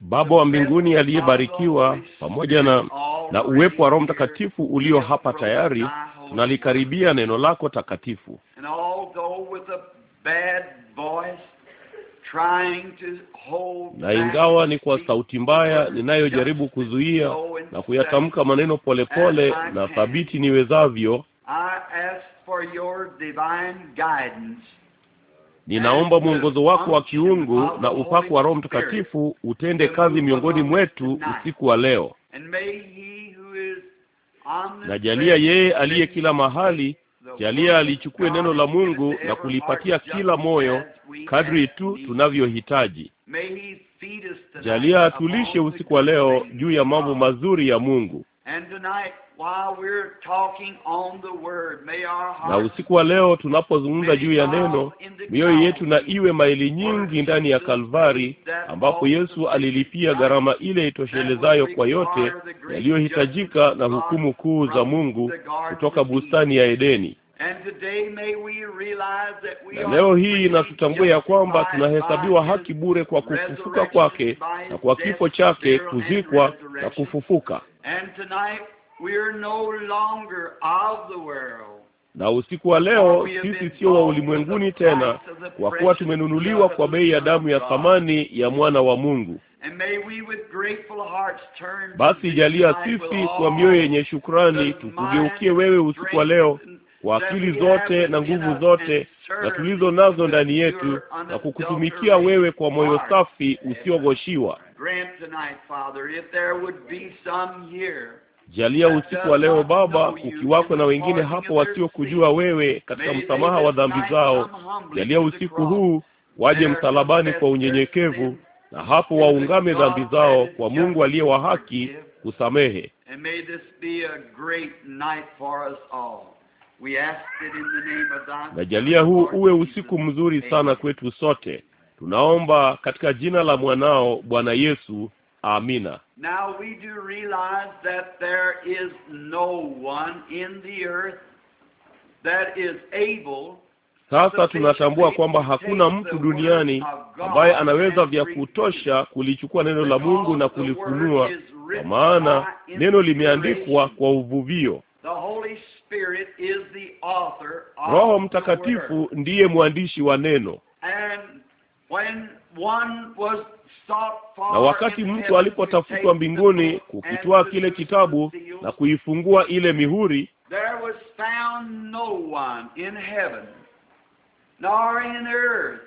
Baba wa mbinguni aliyebarikiwa, pamoja na na uwepo wa Roho Mtakatifu ulio hapa tayari, tunalikaribia neno lako takatifu na ingawa ni kwa sauti mbaya ninayojaribu kuzuia na kuyatamka maneno polepole na thabiti niwezavyo, Ninaomba mwongozo wako wa kiungu na upako wa Roho Mtakatifu utende kazi miongoni mwetu usiku wa leo, na jalia yeye aliye kila mahali, jalia alichukue neno la Mungu na kulipatia kila moyo kadri tu tunavyohitaji. Jalia atulishe usiku wa leo juu ya mambo mazuri ya Mungu. Na usiku wa leo tunapozungumza juu ya neno, mioyo yetu na iwe maili nyingi ndani ya Kalvari, ambapo Yesu alilipia gharama ile itoshelezayo kwa yote yaliyohitajika na hukumu kuu za Mungu kutoka bustani ya Edeni. Na leo hii inatutambua ya kwamba tunahesabiwa haki bure kwa kufufuka kwake na kwa kifo chake, kuzikwa na kufufuka. Na usiku wa leo sisi sio wa ulimwenguni tena, kwa kuwa tumenunuliwa kwa bei ya damu ya thamani ya mwana wa Mungu. Basi jalia sisi kwa mioyo yenye shukrani tukugeukie wewe usiku wa leo kwa akili zote na nguvu zote na tulizo nazo ndani yetu na kukutumikia wewe kwa moyo safi usiogoshiwa. Jalia usiku wa leo Baba, ukiwako na wengine hapo wasiokujua wewe katika msamaha wa dhambi zao. Jalia usiku huu waje msalabani kwa unyenyekevu, na hapo waungame dhambi zao kwa Mungu aliye wa haki kusamehe. Najalia huu uwe usiku mzuri sana kwetu sote. Tunaomba katika jina la mwanao Bwana Yesu, amina. Sasa tunatambua kwamba hakuna mtu duniani ambaye anaweza vya kutosha kulichukua neno la Mungu na kulifunua, kwa maana neno limeandikwa kwa uvuvio. Roho Mtakatifu ndiye mwandishi wa neno. Na wakati mtu alipotafutwa mbinguni kukitoa kile kitabu na kuifungua ile mihuri, there was found no one in heaven nor in earth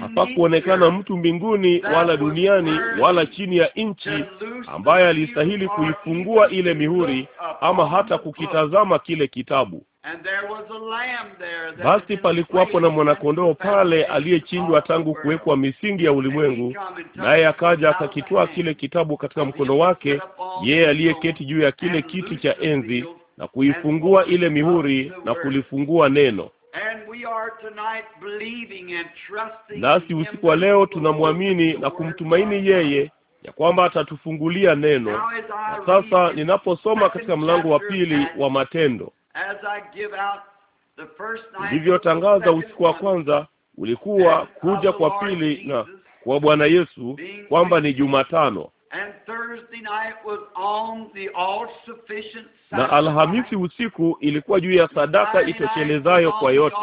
hapakuonekana mtu mbinguni wala duniani wala chini ya nchi ambaye alistahili kuifungua ile mihuri ama hata kukitazama kile kitabu. Basi palikuwapo na mwanakondoo pale aliyechinjwa tangu kuwekwa misingi ya ulimwengu, naye akaja akakitoa kile kitabu katika mkono wake, yeye aliyeketi juu ya kile kiti cha enzi, na kuifungua ile mihuri na kulifungua neno Nasi usiku wa leo tunamwamini na kumtumaini yeye ya kwamba atatufungulia neno. Na sasa ninaposoma katika mlango wa pili wa Matendo, ndivyotangaza usiku wa kwanza ulikuwa kuja kwa pili na kwa Bwana Yesu, kwamba ni Jumatano na Alhamisi usiku ilikuwa juu ya sadaka itoshelezayo kwa yote,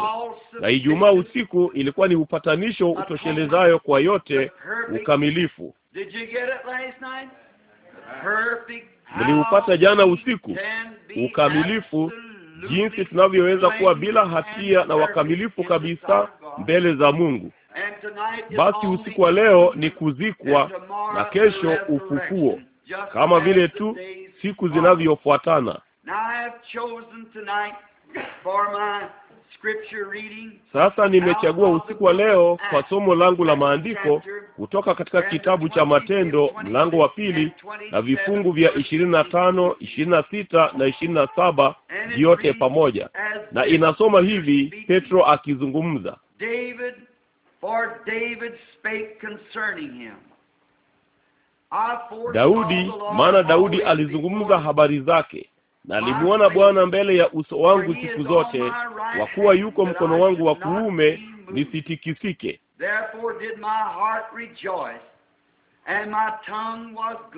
na Ijumaa usiku ilikuwa ni upatanisho utoshelezayo kwa yote ukamilifu. Niliupata jana usiku ukamilifu, jinsi tunavyoweza kuwa bila hatia na wakamilifu kabisa mbele za Mungu. Basi usiku wa leo ni kuzikwa na kesho ufufuo, kama vile tu siku zinavyofuatana. Sasa nimechagua usiku wa leo kwa somo langu la maandiko kutoka katika kitabu cha Matendo mlango wa pili na vifungu vya ishirini na tano, ishirini na sita na ishirini na saba vyote pamoja, na inasoma hivi, Petro akizungumza. Daudi, maana Daudi alizungumza habari zake, na alimwona Bwana mbele ya uso wangu siku zote, kwa kuwa yuko mkono wangu wa kuume, nisitikisike.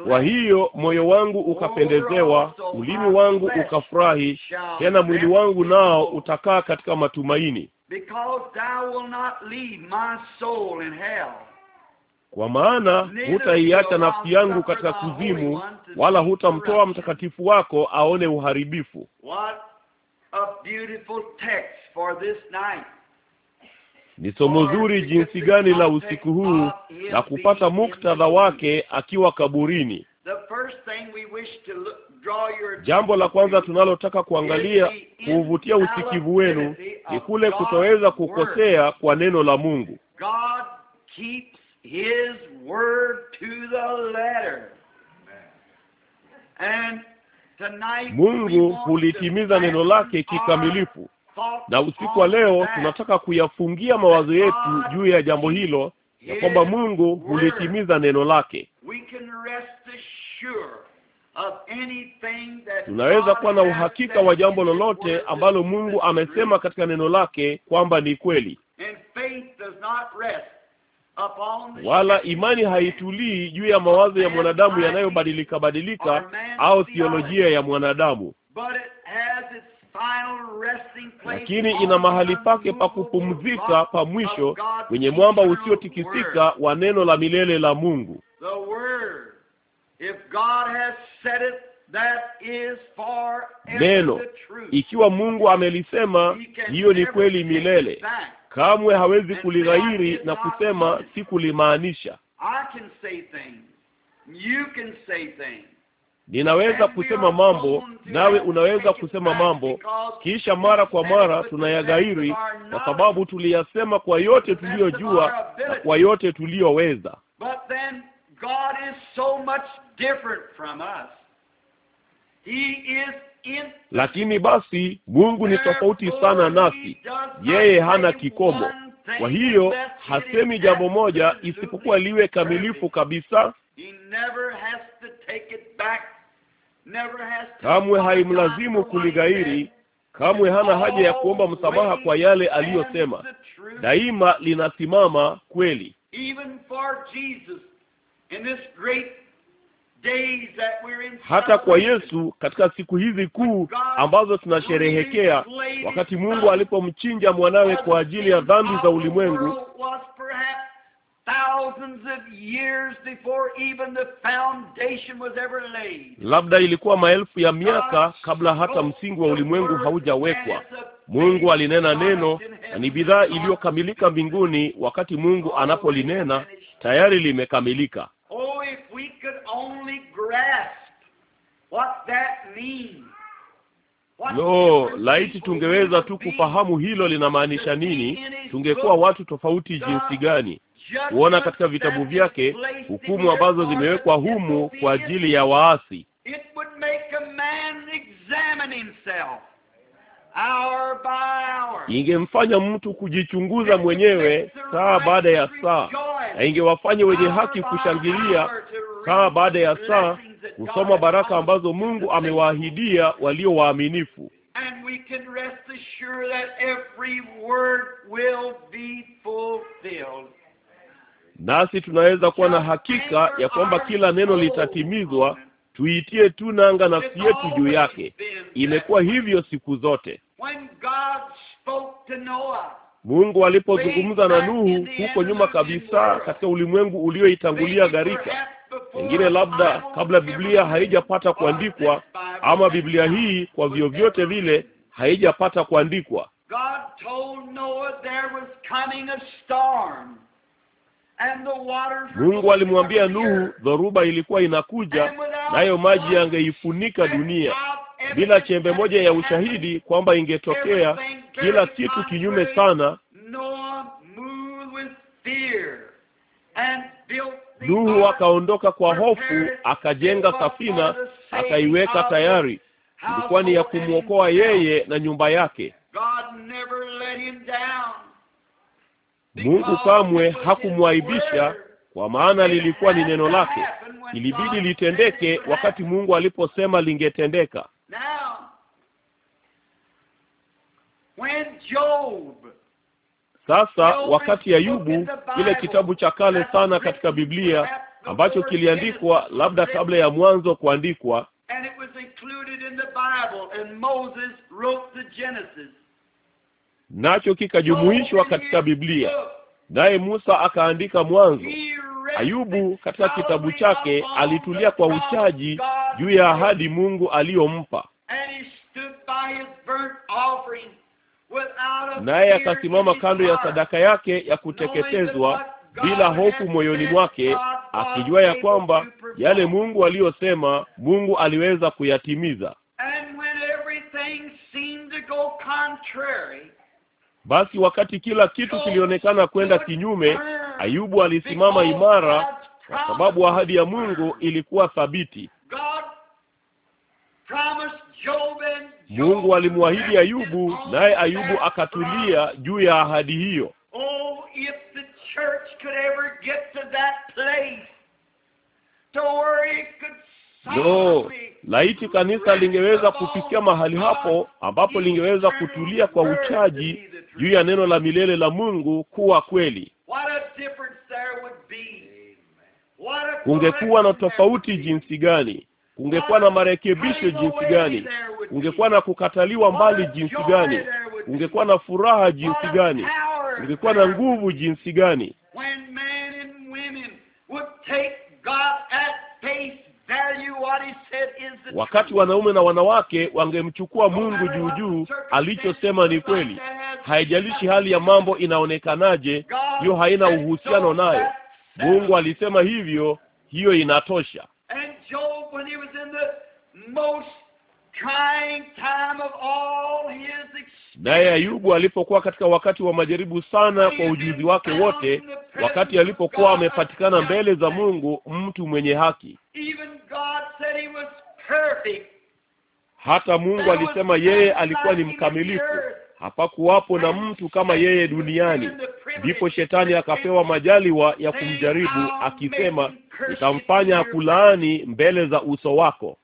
Kwa hiyo moyo wangu ukapendezewa, ulimi wangu ukafurahi, tena mwili wangu nao utakaa katika matumaini. Because thou will not leave my soul in hell. Kwa maana hutaiacha nafsi yangu katika kuzimu, wala hutamtoa mtakatifu wako aone uharibifu. What a beautiful text for this night. Ni somo zuri jinsi gani la usiku huu na kupata muktadha wake akiwa kaburini. Jambo la kwanza tunalotaka kuangalia kuuvutia usikivu wenu ni kule kutoweza kukosea kwa neno la Mungu. Mungu hulitimiza neno lake kikamilifu, na usiku wa leo tunataka kuyafungia mawazo yetu juu ya jambo hilo, ya kwamba Mungu hulitimiza neno lake. Tunaweza kuwa na uhakika wa jambo lolote ambalo Mungu amesema katika neno lake kwamba ni kweli. Wala imani haitulii juu ya mawazo ya mwanadamu yanayobadilika badilika au theolojia ya mwanadamu, lakini ina mahali pake pa kupumzika pa mwisho kwenye mwamba usiotikisika wa neno la milele la Mungu neno ikiwa Mungu amelisema, hiyo ni kweli milele. Kamwe hawezi kulighairi na kusema si kulimaanisha. Ninaweza kusema mambo nawe unaweza kusema mambo, kisha mara kwa mara tunayaghairi, kwa sababu tuliyasema kwa yote tuliyojua na kwa yote tuliyoweza. God is so much different from us. He is in... Lakini basi Mungu ni tofauti sana nasi, yeye hana kikomo. Kwa hiyo hasemi jambo moja isipokuwa liwe kamilifu kabisa. Kamwe haimlazimu kulighairi, kamwe hana haja ya kuomba msamaha kwa yale aliyosema. Daima linasimama kweli. Even for Jesus, hata kwa Yesu katika siku hizi kuu ambazo tunasherehekea, wakati Mungu alipomchinja mwanawe kwa ajili ya dhambi za ulimwengu labda ilikuwa maelfu ya miaka kabla hata msingi wa ulimwengu haujawekwa. Mungu alinena neno, na ni bidhaa iliyokamilika mbinguni. Wakati Mungu anapolinena, tayari limekamilika. Lo, laiti tungeweza tu kufahamu hilo linamaanisha nini, tungekuwa watu tofauti jinsi gani! kuona katika vitabu vyake hukumu ambazo zimewekwa humu kwa ajili ya waasi. Ingemfanya mtu kujichunguza mwenyewe saa baada ya saa, na ingewafanya wenye haki kushangilia saa baada ya saa kusoma baraka ambazo Mungu amewaahidia walio waaminifu. Nasi tunaweza kuwa na hakika ya kwamba kila neno litatimizwa. Tuitie tu nanga nafsi yetu juu yake. Imekuwa hivyo siku zote. Mungu alipozungumza na Nuhu huko nyuma kabisa, katika ulimwengu ulioitangulia gharika Pengine labda kabla Biblia haijapata kuandikwa, ama Biblia hii kwa vyovyote vile haijapata kuandikwa. Mungu alimwambia Nuhu dhoruba ilikuwa inakuja, nayo maji yangeifunika dunia bila chembe moja ya ushahidi kwamba ingetokea, kila kitu kinyume sana. Nuhu akaondoka kwa hofu, akajenga safina, akaiweka tayari. Ilikuwa ni ya kumwokoa yeye na nyumba yake. Mungu kamwe hakumwaibisha, kwa maana lilikuwa ni neno lake, ilibidi litendeke wakati Mungu aliposema lingetendeka. Sasa wakati Ayubu, kile kitabu cha kale sana katika Biblia ambacho kiliandikwa labda kabla ya mwanzo kuandikwa, nacho kikajumuishwa katika Biblia, naye Musa akaandika Mwanzo. Ayubu katika kitabu chake alitulia kwa uchaji juu ya ahadi Mungu aliyompa naye akasimama kando ya sadaka yake ya kuteketezwa bila hofu moyoni mwake, akijua ya kwamba yale Mungu aliyosema, Mungu aliweza kuyatimiza. Basi wakati kila kitu kilionekana kwenda kinyume, Ayubu alisimama imara, kwa sababu ahadi ya Mungu ilikuwa thabiti. Mungu alimwahidi Ayubu, naye Ayubu akatulia juu ya ahadi hiyo. Oh, no, laiti kanisa lingeweza kufikia mahali hapo ambapo lingeweza kutulia kwa uchaji juu ya neno la milele la Mungu kuwa kweli. Kungekuwa na tofauti jinsi gani! ungekuwa na marekebisho jinsi gani, ungekuwa na kukataliwa mbali jinsi gani, ungekuwa na furaha jinsi gani, ungekuwa na nguvu jinsi gani, wakati wanaume na wanawake wangemchukua Mungu juu juu alichosema ni kweli. Haijalishi hali ya mambo inaonekanaje, hiyo haina uhusiano nayo. Mungu alisema hivyo, hiyo inatosha. Job when he was in the most trying time of all his. Naye Ayubu alipokuwa katika wakati wa majaribu sana kwa ujuzi wake wote, wakati alipokuwa amepatikana mbele za Mungu mtu mwenye haki. Hata Mungu alisema yeye alikuwa ni mkamilifu, hapakuwapo na mtu kama yeye duniani. Ndipo shetani akapewa majaliwa ya kumjaribu akisema, nitamfanya kulaani mbele za uso wako.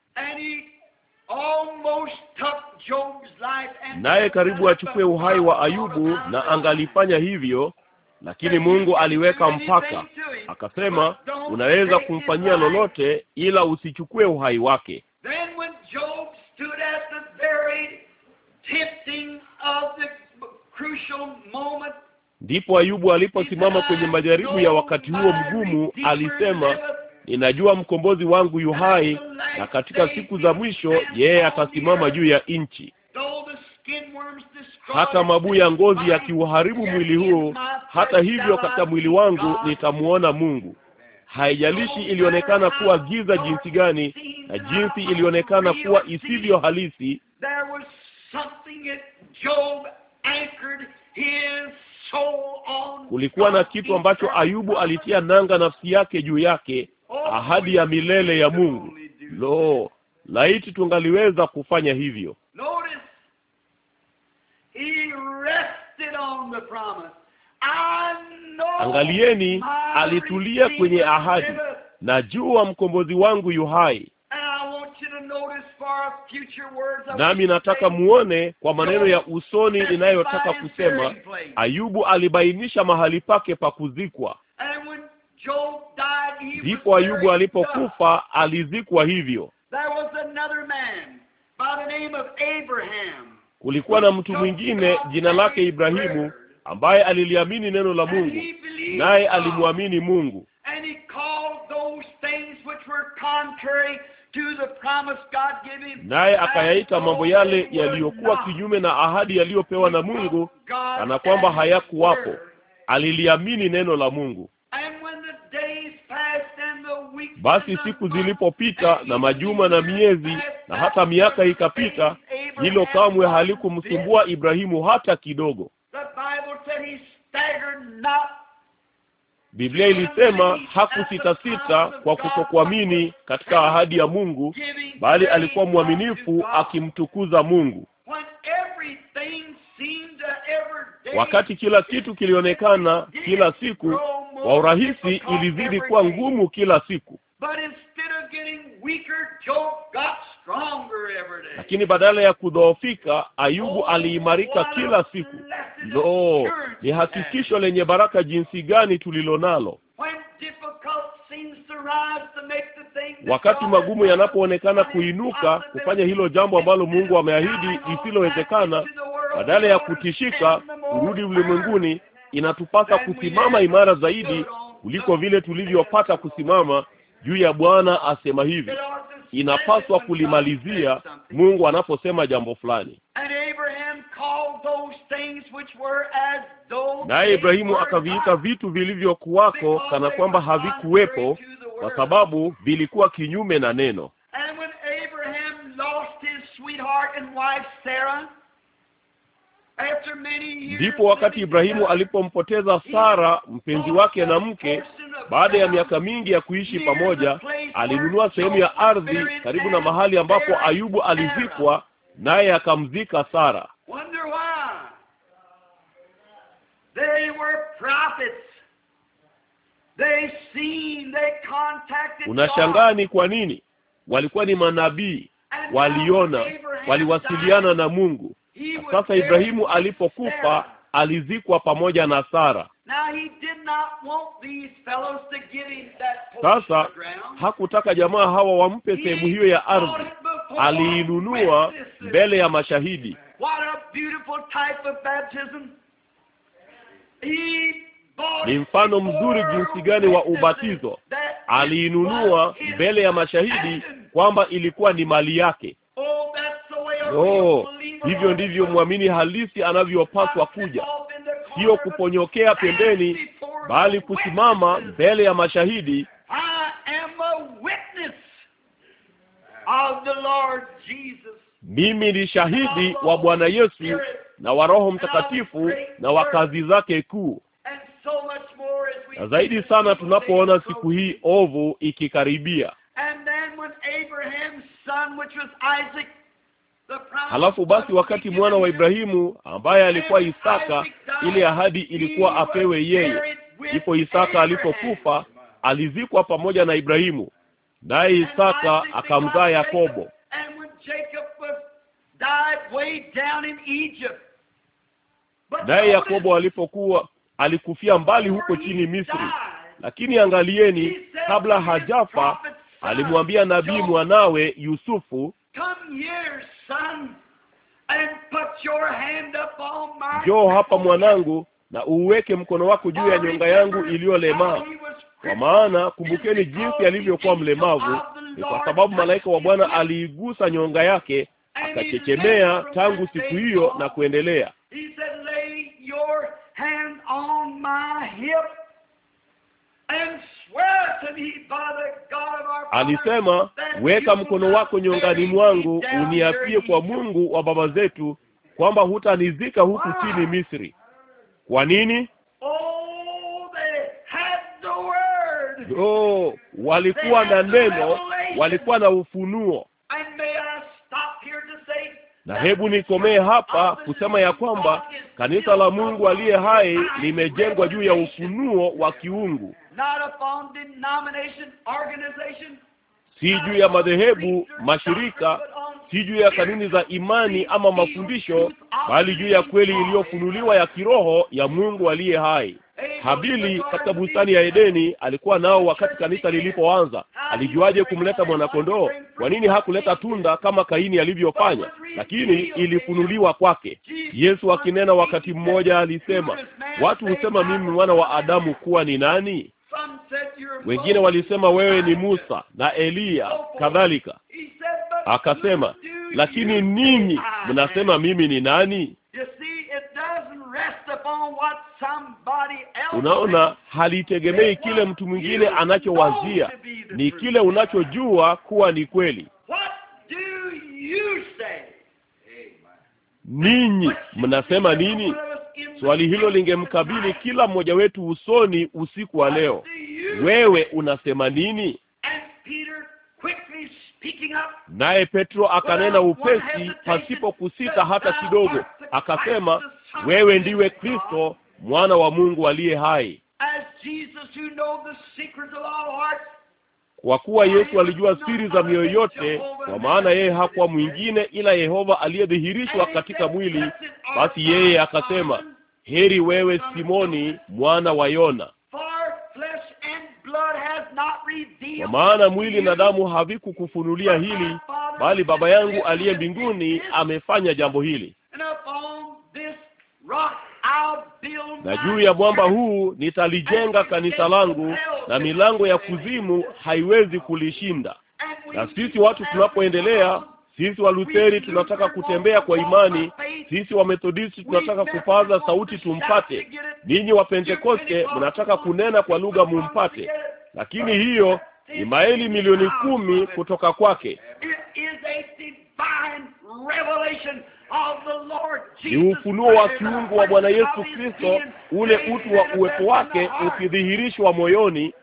Naye karibu achukue uhai wa Ayubu na angalifanya hivyo, lakini Mungu aliweka mpaka, akasema, unaweza kumfanyia lolote, ila usichukue uhai wake. Ndipo Ayubu aliposimama kwenye majaribu ya wakati huo mgumu, alisema ninajua mkombozi wangu yu hai, na katika siku za mwisho yeye atasimama juu ya nchi. Hata mabuu ya ngozi yakiuharibu mwili huu, hata hivyo katika mwili wangu nitamuona Mungu. Haijalishi ilionekana kuwa giza jinsi gani na jinsi ilionekana kuwa isivyo halisi. Kulikuwa na kitu ambacho Ayubu alitia nanga nafsi yake juu yake, ahadi ya milele ya Mungu. Lo, laiti tungaliweza kufanya hivyo! Angalieni, alitulia kwenye ahadi, najua mkombozi wangu yu hai, nami nataka muone kwa maneno ya usoni ninayotaka kusema. Ayubu alibainisha mahali pake pa kuzikwa, ndipo Ayubu alipokufa alizikwa hivyo. Kulikuwa na mtu mwingine jina lake Ibrahimu ambaye aliliamini neno la Mungu, naye alimwamini Mungu naye akayaita mambo yale yaliyokuwa kinyume na ahadi yaliyopewa na Mungu, kana kwamba hayakuwapo. Aliliamini neno la Mungu. Basi siku zilipopita na majuma na miezi na hata miaka ikapita, hilo kamwe halikumsumbua Ibrahimu hata kidogo. Biblia ilisema hakusitasita kwa kutokuamini katika ahadi ya Mungu, bali alikuwa mwaminifu akimtukuza Mungu. Wakati kila kitu kilionekana kila siku kwa urahisi, ilizidi kuwa ngumu kila siku, lakini badala ya kudhoofika, Ayubu oh, aliimarika kila siku. Ndoo ni hakikisho lenye baraka jinsi gani tulilo nalo wakati magumu yanapoonekana kuinuka kufanya hilo jambo ambalo Mungu ameahidi lisilowezekana, badala ya kutishika kurudi ulimwenguni, inatupasa kusimama imara zaidi kuliko vile tulivyopata kusimama juu ya Bwana asema hivi inapaswa kulimalizia Mungu anaposema jambo fulani. Naye Ibrahimu akaviita vitu vilivyokuwako kana kwamba havikuwepo, kwa sababu vilikuwa kinyume na neno. Ndipo wakati Ibrahimu alipompoteza Sara mpenzi wake na mke, baada ya miaka mingi ya kuishi pamoja, alinunua sehemu ya ardhi karibu na mahali ambapo Ayubu alizikwa, naye akamzika Sara. Unashangaa ni kwa nini? Walikuwa ni manabii, waliona, waliwasiliana na Mungu sasa Ibrahimu alipokufa alizikwa pamoja na Sara. Sasa hakutaka jamaa hawa wampe sehemu hiyo ya ardhi, aliinunua mbele ya mashahidi. Ni mfano mzuri jinsi gani wa ubatizo! Aliinunua mbele ya mashahidi kwamba ilikuwa ni mali yake. Oh, Hivyo ndivyo mwamini halisi anavyopaswa kuja, sio kuponyokea pembeni, bali kusimama mbele ya mashahidi mimi ni shahidi wa Bwana Yesu na wa Roho Mtakatifu na wa kazi zake kuu, na zaidi sana tunapoona siku hii ovu ikikaribia. Halafu basi, wakati mwana wa Ibrahimu ambaye alikuwa Isaka, ile ahadi ilikuwa apewe yeye. Ndipo Isaka alipokufa, alizikwa pamoja na Ibrahimu, naye Isaka akamzaa Yakobo. Naye Yakobo alipokuwa alikufia mbali huko chini Misri, lakini angalieni, kabla hajafa alimwambia nabii mwanawe Yusufu, Njoo hapa mwanangu, na uweke mkono wako juu ya nyonga yangu iliyolemaa. Kwa maana kumbukeni jinsi alivyokuwa mlemavu, ni kwa sababu malaika wa Bwana aliigusa nyonga yake akachechemea tangu siku hiyo na kuendelea. Alisema, weka mkono wako nyongani mwangu uniapie kwa Mungu wa baba zetu kwamba hutanizika huku chini Misri. Kwa nini? Oh, walikuwa na neno, walikuwa na ufunuo. Na hebu nikomee hapa kusema ya kwamba kanisa la Mungu aliye hai limejengwa juu ya ufunuo wa kiungu si juu ya madhehebu, mashirika, si juu ya kanuni za imani ama mafundisho, bali juu ya kweli iliyofunuliwa ya kiroho ya Mungu aliye hai. Habili katika bustani ya Edeni alikuwa nao wakati kanisa lilipoanza. Alijuaje kumleta mwanakondoo? Kwa nini hakuleta tunda kama Kaini alivyofanya? Lakini ilifunuliwa kwake. Yesu akinena wakati mmoja alisema, watu husema mimi mwana wa Adamu kuwa ni nani? Wengine walisema wewe ni Musa na Eliya kadhalika. Akasema, lakini ninyi mnasema mimi ni nani? Unaona, halitegemei kile mtu mwingine anachowazia, ni kile unachojua kuwa ni kweli. Ninyi mnasema nini? Swali hilo lingemkabili kila mmoja wetu usoni usiku wa leo. Wewe unasema nini? Naye Petro akanena upesi, pasipo kusita hata kidogo, akasema, wewe ndiwe Kristo, mwana wa Mungu aliye hai kwa kuwa Yesu alijua siri za mioyo yote, kwa maana yeye hakuwa mwingine ila Yehova aliyedhihirishwa katika mwili. Basi yeye akasema, heri wewe Simoni mwana wa Yona, kwa maana mwili na damu havikukufunulia hili, bali Baba yangu aliye mbinguni amefanya jambo hili. Na juu ya mwamba huu nitalijenga kanisa langu na milango ya kuzimu haiwezi kulishinda. Na sisi watu tunapoendelea, sisi wa lutheri tunataka kutembea kwa imani, sisi wa methodisti tunataka kupaza sauti tumpate, ninyi Wapentekoste mnataka kunena kwa lugha mumpate, lakini hiyo ni maili milioni kumi kutoka kwake ni ufunuo wa kiungu wa Bwana Yesu Kristo, ule utu wa uwepo wake ukidhihirishwa moyoni.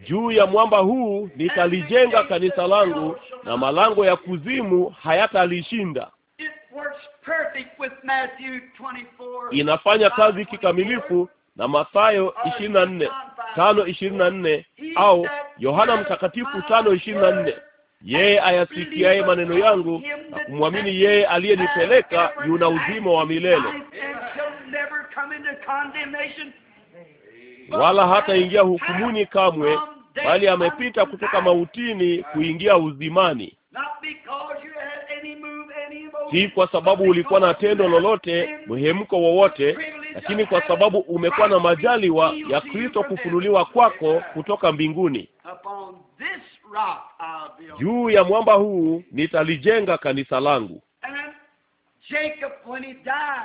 Juu ya mwamba huu nitalijenga kanisa langu, na malango ya kuzimu hayatalishinda. Inafanya kazi kikamilifu na Mathayo ishirini na nne tano ishirini na nne au Yohana Mtakatifu tano ishirini na nne yeye ayasikiaye maneno yangu na kumwamini yeye aliyenipeleka yuna uzima wa milele, wala hataingia hukumuni kamwe, bali amepita kutoka mautini kuingia uzimani. Si kwa sababu ulikuwa na tendo lolote, mhemko wowote, lakini kwa sababu umekuwa na majaliwa ya Kristo kufunuliwa kwako kutoka mbinguni, juu ya mwamba huu nitalijenga kanisa langu.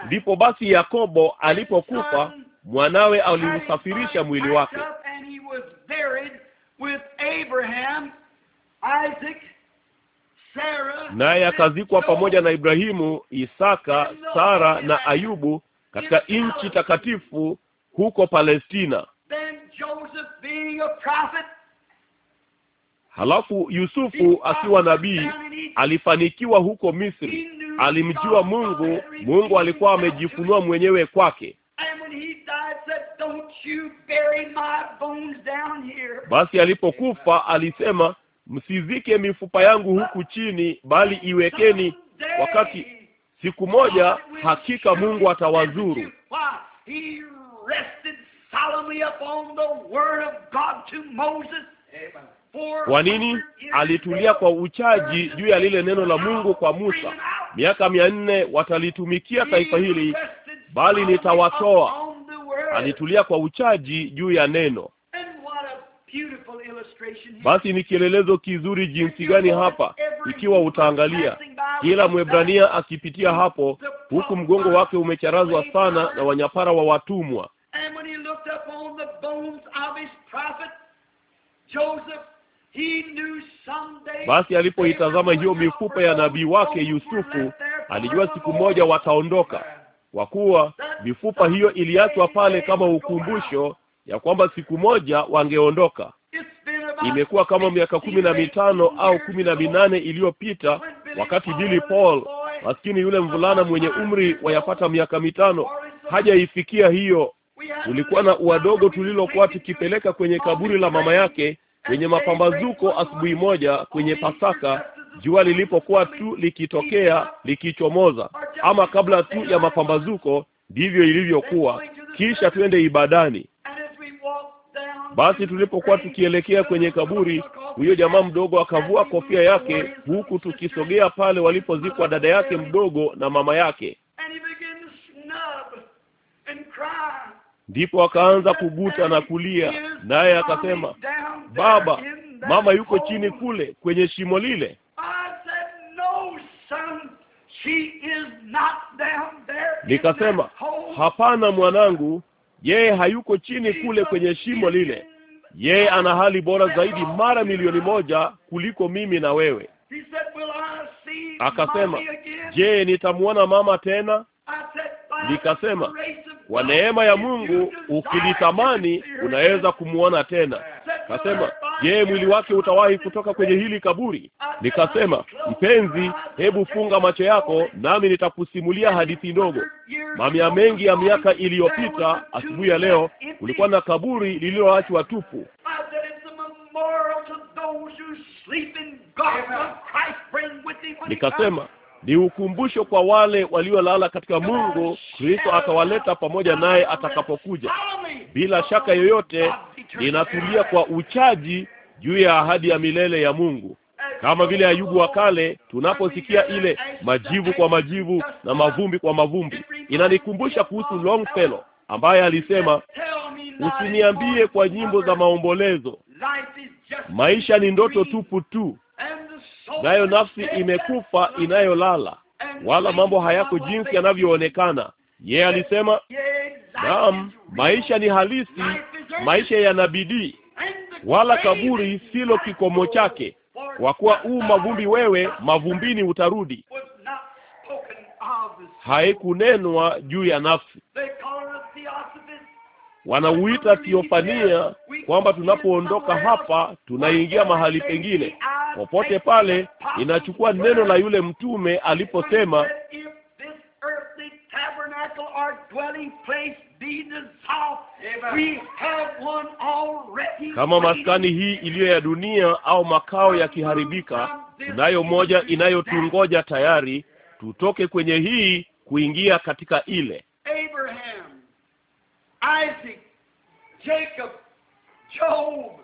Ndipo basi Yakobo alipokufa, mwanawe aliusafirisha mwili wake naye akazikwa pamoja na Ibrahimu, Isaka, Sara na Ayubu katika nchi takatifu huko Palestina. Halafu Yusufu akiwa nabii alifanikiwa huko Misri, alimjua Mungu. Mungu alikuwa amejifunua mwenyewe kwake. Basi alipokufa alisema, msizike mifupa yangu huku chini, bali iwekeni wakati Siku moja hakika Mungu atawazuru. Kwa nini? Alitulia kwa uchaji juu ya lile neno la Mungu kwa Musa, miaka mia nne watalitumikia taifa hili, bali nitawatoa. Alitulia kwa uchaji juu ya neno basi ni kielelezo kizuri jinsi gani hapa, ikiwa utaangalia kila Mwebrania akipitia hapo, huku mgongo wake umecharazwa sana na wanyapara wa watumwa basi alipoitazama hiyo mifupa ya nabii wake Yusufu, alijua siku moja wataondoka, kwa kuwa mifupa hiyo iliachwa pale kama ukumbusho ya kwamba siku moja wangeondoka. Imekuwa kama miaka kumi na mitano au kumi na minane iliyopita wakati Billy Paul, maskini yule mvulana mwenye umri wayapata miaka mitano, hajaifikia hiyo, tulikuwa na uadogo tulilokuwa tukipeleka kwenye kaburi la mama yake kwenye mapambazuko asubuhi moja kwenye Pasaka, jua lilipokuwa tu likitokea likichomoza, ama kabla tu ya mapambazuko. Ndivyo ilivyokuwa. Kisha twende ibadani. Basi tulipokuwa tukielekea kwenye kaburi, huyo jamaa mdogo akavua kofia yake, huku tukisogea pale walipozikwa dada yake mdogo na mama yake. Ndipo akaanza kuguta na kulia, naye akasema, baba, mama yuko chini kule kwenye shimo lile. Nikasema, hapana mwanangu, yeye hayuko chini kule kwenye shimo lile. Yeye ana hali bora zaidi mara milioni moja kuliko mimi na wewe. Akasema, je, nitamwona mama tena? Nikasema, kwa neema ya Mungu, ukilitamani unaweza kumwona tena. Nasema, je, mwili wake utawahi kutoka kwenye hili kaburi? Nikasema, mpenzi, hebu funga macho yako nami nitakusimulia hadithi ndogo. Mamia mengi ya miaka iliyopita, asubuhi ya leo, kulikuwa na kaburi lililoachwa tupu. Nikasema ni ukumbusho kwa wale waliolala katika Mungu. Kristo atawaleta pamoja naye atakapokuja. Bila shaka yoyote, ninatulia kwa uchaji juu ya ahadi ya milele ya Mungu, kama vile Ayubu wa kale. Tunaposikia ile majivu kwa majivu na mavumbi kwa mavumbi, inanikumbusha kuhusu Longfellow ambaye alisema, usiniambie kwa nyimbo za maombolezo, maisha ni ndoto tupu tu nayo nafsi imekufa inayolala, wala mambo hayako jinsi yanavyoonekana. Yeye alisema naam, maisha ni halisi, maisha yana bidii, wala kaburi silo kikomo chake, kwa kuwa u mavumbi wewe, mavumbini utarudi. Haikunenwa juu ya nafsi wanauita Theofania, kwamba tunapoondoka hapa tunaingia mahali pengine. Popote pale inachukua neno la yule mtume aliposema kama maskani hii iliyo ya dunia au makao yakiharibika, tunayo moja inayotungoja tayari, tutoke kwenye hii kuingia katika ile. Isaac, Jacob, Job,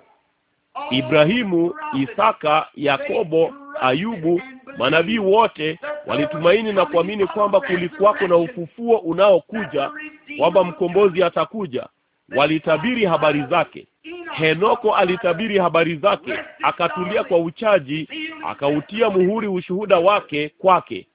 Ibrahimu, Isaka, Yakobo, Ayubu, manabii wote walitumaini na kuamini kwamba kulikuwako na ufufuo unaokuja, kwamba mkombozi atakuja. Walitabiri habari zake. Henoko alitabiri habari zake, akatulia kwa uchaji, akautia muhuri ushuhuda wake kwake.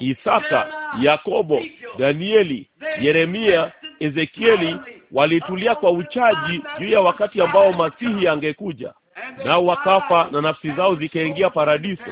Isaka, Yakobo, Danieli, Yeremia, Ezekieli walitulia kwa uchaji juu ya wakati ambao Masihi angekuja, nao wakafa na nafsi zao zikaingia paradiso.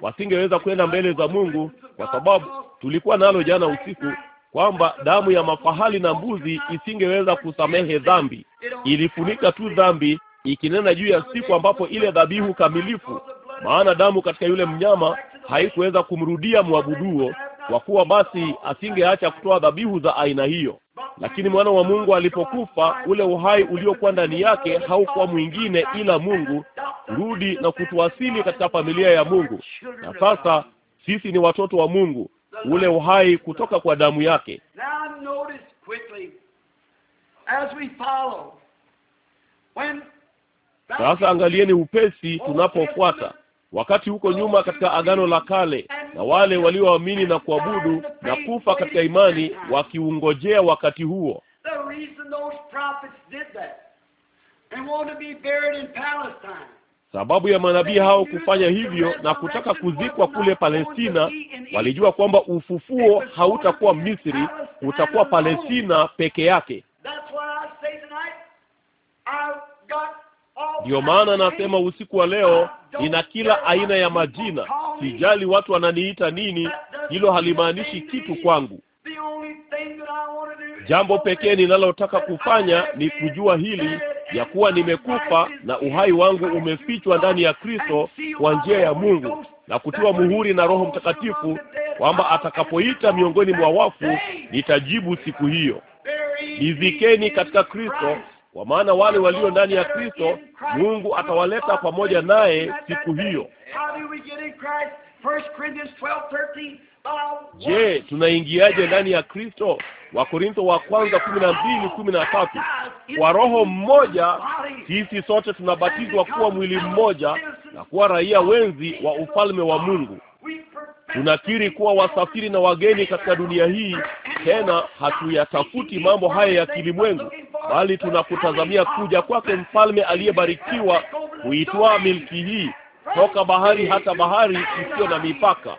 Wasingeweza kwenda mbele za Mungu kwa sababu tulikuwa nalo jana usiku kwamba damu ya mafahali na mbuzi isingeweza kusamehe dhambi, ilifunika tu dhambi, ikinena juu ya siku ambapo ile dhabihu kamilifu, maana damu katika yule mnyama haikuweza kumrudia mwabuduo, kwa kuwa basi asingeacha kutoa dhabihu za aina hiyo. Lakini mwana wa Mungu alipokufa, ule uhai uliokuwa ndani yake haukuwa mwingine ila Mungu, kurudi na kutuasili katika familia ya Mungu, na sasa sisi ni watoto wa Mungu, ule uhai kutoka kwa damu yake. Sasa angalieni upesi tunapofuata wakati huko nyuma katika Agano la Kale, na wale walioamini na kuabudu na kufa katika imani wakiungojea wakati huo. Sababu ya manabii hao kufanya hivyo na kutaka kuzikwa kule Palestina, walijua kwamba ufufuo hautakuwa Misri, utakuwa Palestina peke yake. Ndiyo maana nasema usiku wa leo nina kila aina ya majina, sijali watu wananiita nini, hilo halimaanishi kitu kwangu. Jambo pekee ninalotaka kufanya ni kujua hili ya kuwa nimekufa na uhai wangu umefichwa ndani ya Kristo kwa njia ya Mungu na kutiwa muhuri na Roho Mtakatifu, kwamba atakapoita miongoni mwa wafu nitajibu siku hiyo. Nizikeni katika Kristo kwa maana wale walio ndani ya Kristo, Mungu atawaleta pamoja naye siku hiyo. Je, tunaingiaje ndani ya Kristo? Wakorintho wa kwanza kumi na mbili kumi na tatu. Kwa roho mmoja sisi sote tunabatizwa kuwa mwili mmoja na kuwa raia wenzi wa ufalme wa Mungu. Tunakiri kuwa wasafiri na wageni katika dunia hii tena hatuyatafuti mambo haya ya kilimwengu, bali tunakutazamia kuja kwake mfalme aliyebarikiwa kuitwaa milki hii toka bahari hata bahari isiyo na mipaka.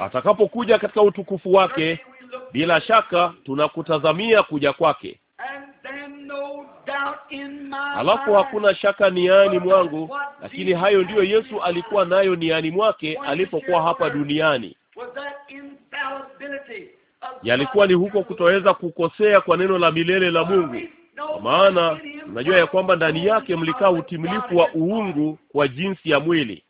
Atakapokuja katika utukufu wake, bila shaka tunakutazamia kuja kwake. alafu hakuna shaka niani mwangu, lakini hayo ndiyo Yesu alikuwa nayo niani mwake alipokuwa hapa duniani. Yalikuwa ni huko kutoweza kukosea kwa neno la milele la Mungu, kwa maana unajua ya kwamba ndani yake mlikaa utimilifu wa uungu kwa jinsi ya mwili.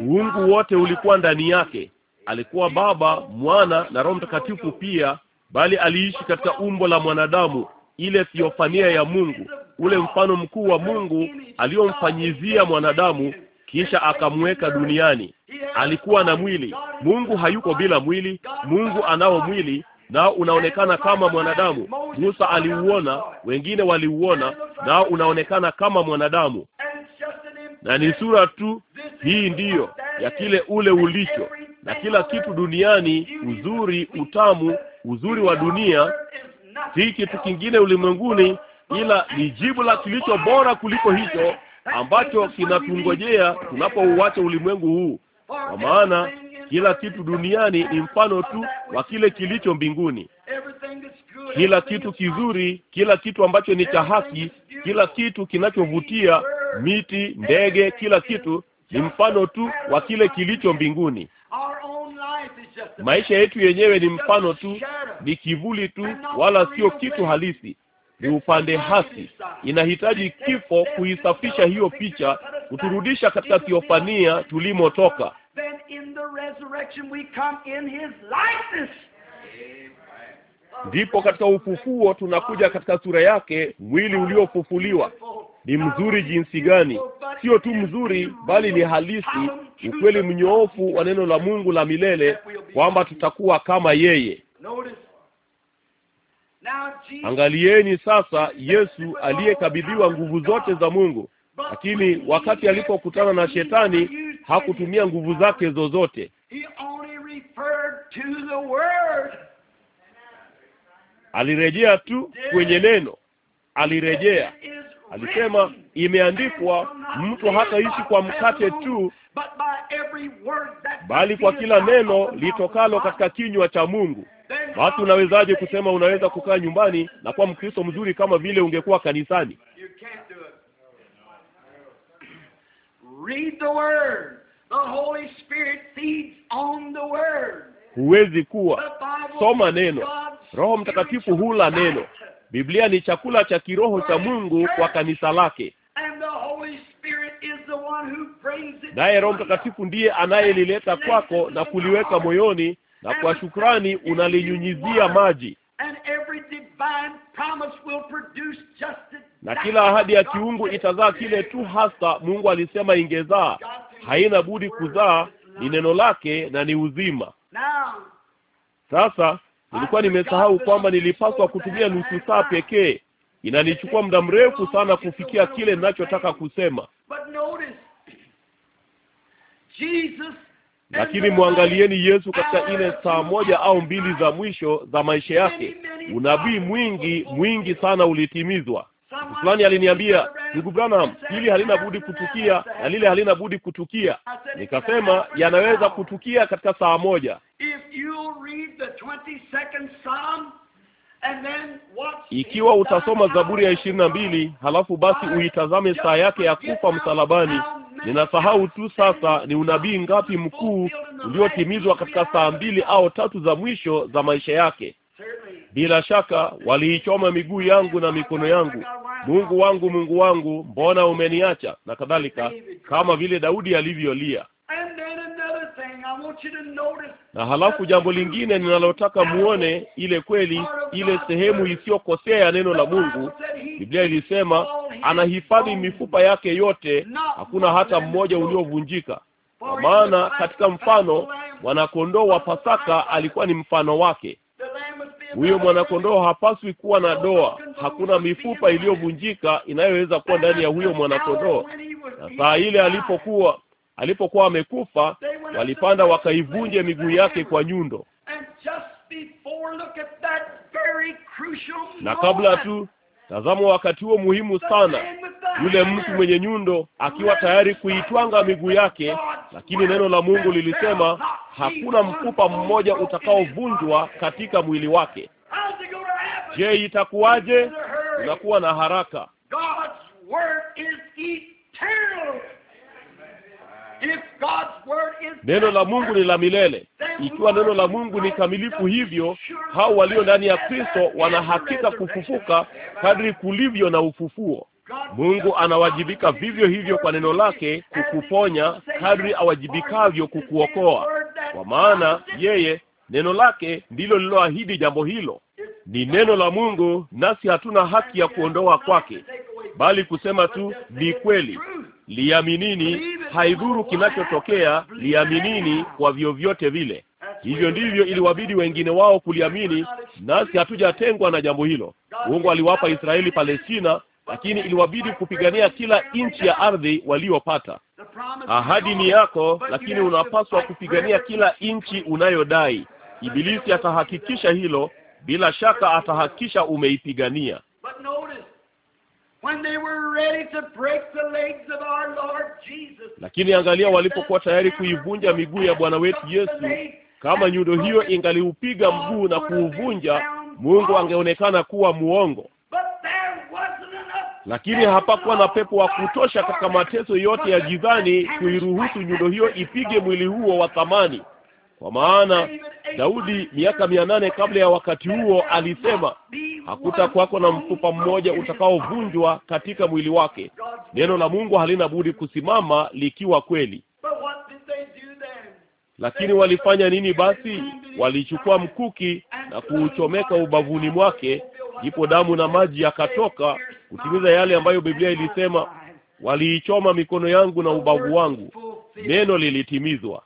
Uungu wote ulikuwa ndani yake, alikuwa Baba, Mwana na Roho Mtakatifu pia, bali aliishi katika umbo la mwanadamu, ile thiofania ya Mungu, ule mfano mkuu wa Mungu aliyomfanyizia mwanadamu kisha akamweka duniani. Alikuwa na mwili. Mungu hayuko bila mwili. Mungu anao mwili nao unaonekana kama mwanadamu. Musa aliuona, wengine waliuona, nao unaonekana kama mwanadamu, na ni sura tu hii ndiyo ya kile ule ulicho na kila kitu duniani, uzuri, utamu, uzuri wa dunia, si kitu kingine ulimwenguni, ila ni jibu la kilicho bora kuliko hicho ambacho kinatungojea tunapouacha ulimwengu huu, kwa maana kila kitu duniani ni mfano tu wa kile kilicho mbinguni. Kila kitu kizuri, kila kitu ambacho ni cha haki, kila kitu kinachovutia, miti, ndege, kila kitu ni mfano tu wa kile kilicho mbinguni. Maisha yetu yenyewe ni mfano tu, ni kivuli tu, wala sio kitu halisi ni upande hasi. Inahitaji kifo kuisafisha hiyo picha, kuturudisha katika theofania tulimotoka. Ndipo katika ufufuo tunakuja katika sura yake, mwili uliofufuliwa. Ni mzuri jinsi gani! Sio tu mzuri, bali ni halisi, ukweli mnyoofu wa neno la Mungu la milele, kwamba tutakuwa kama yeye. Angalieni sasa Yesu aliyekabidhiwa nguvu zote za Mungu, lakini wakati alipokutana na shetani hakutumia nguvu zake zozote. Alirejea tu kwenye neno, alirejea Alisema imeandikwa, mtu hataishi kwa mkate tu, bali kwa kila neno litokalo katika kinywa cha Mungu. Basi unawezaje kusema unaweza kukaa nyumbani na kuwa Mkristo mzuri kama vile ungekuwa kanisani? Huwezi kuwa. Soma neno. Roho Mtakatifu hula neno. Biblia ni chakula cha kiroho cha Mungu kwa kanisa lake, naye Roho Mtakatifu ndiye anayelileta kwako na kuliweka moyoni na kwa shukrani unalinyunyizia maji, na kila ahadi ya kiungu itazaa kile tu hasa Mungu alisema ingezaa. Haina budi kuzaa, ni neno lake na ni uzima. Sasa nilikuwa nimesahau kwamba nilipaswa kutumia nusu saa pekee. Inanichukua muda mrefu sana kufikia kile ninachotaka kusema. Lakini mwangalieni Yesu katika ile saa moja au mbili za mwisho za maisha yake, unabii mwingi mwingi sana ulitimizwa. fulani aliniambia, ndugu Branham, hili halina budi kutukia na lile halina budi kutukia. Nikasema yanaweza kutukia katika saa moja. Ikiwa utasoma Zaburi ya ishirini na mbili halafu basi uitazame saa yake ya kufa msalabani Ninasahau tu sasa ni unabii ngapi mkuu uliotimizwa katika saa mbili au tatu za mwisho za maisha yake. Bila shaka waliichoma miguu yangu na mikono yangu, Mungu wangu, Mungu wangu, mbona umeniacha, na kadhalika, kama vile Daudi alivyolia. Na halafu jambo lingine ninalotaka muone, ile kweli, ile sehemu isiyokosea ya neno la Mungu. Biblia ilisema anahifadhi mifupa yake yote, hakuna hata mmoja uliovunjika. Kwa maana katika mfano mwanakondoo wa Pasaka alikuwa ni mfano wake. Huyo mwanakondoo hapaswi kuwa na doa, hakuna mifupa iliyovunjika inayoweza kuwa ndani ya huyo mwanakondoo. Na saa ile alipokuwa alipokuwa amekufa, walipanda wakaivunje miguu yake kwa nyundo, na kabla tu Tazama wakati huo muhimu sana, yule mtu mwenye nyundo akiwa tayari kuitwanga miguu yake, lakini neno la Mungu lilisema hakuna mfupa mmoja utakaovunjwa katika mwili wake. Je, itakuwaje? Unakuwa na haraka. Neno la Mungu ni la milele. Ikiwa neno la Mungu ni kamilifu hivyo, hao walio ndani ya Kristo wanahakika kufufuka kadri kulivyo na ufufuo. Mungu anawajibika vivyo hivyo kwa neno lake kukuponya kadri awajibikavyo kukuokoa, kwa maana yeye neno lake ndilo liloahidi jambo hilo. Ni neno la Mungu, nasi hatuna haki ya kuondoa kwake, bali kusema tu ni kweli, Liaminini, haidhuru kinachotokea, liaminini kwa vyovyote vile. Hivyo ndivyo iliwabidi wengine wao kuliamini, nasi hatujatengwa na jambo hilo. Mungu aliwapa Israeli Palestina, lakini iliwabidi kupigania kila inchi ya ardhi waliopata. Ahadi ni yako, lakini unapaswa kupigania kila inchi unayodai. Ibilisi atahakikisha hilo, bila shaka atahakikisha umeipigania. Lakini angalia, walipokuwa tayari kuivunja miguu ya Bwana wetu Yesu, kama nyundo hiyo ingaliupiga mguu na kuuvunja, Mungu angeonekana kuwa muongo. Lakini hapakuwa na pepo wa kutosha katika mateso yote ya jidhani kuiruhusu nyundo hiyo ipige mwili huo wa thamani. Kwa maana Daudi miaka mia nane kabla ya wakati huo alisema, hakuta kwako na mfupa mmoja utakaovunjwa katika mwili wake. Neno la Mungu halina budi kusimama likiwa kweli. Lakini walifanya nini basi? Walichukua mkuki na kuuchomeka ubavuni mwake, ndipo damu na maji yakatoka, kutimiza yale ambayo Biblia ilisema, waliichoma mikono yangu na ubavu wangu. Neno lilitimizwa.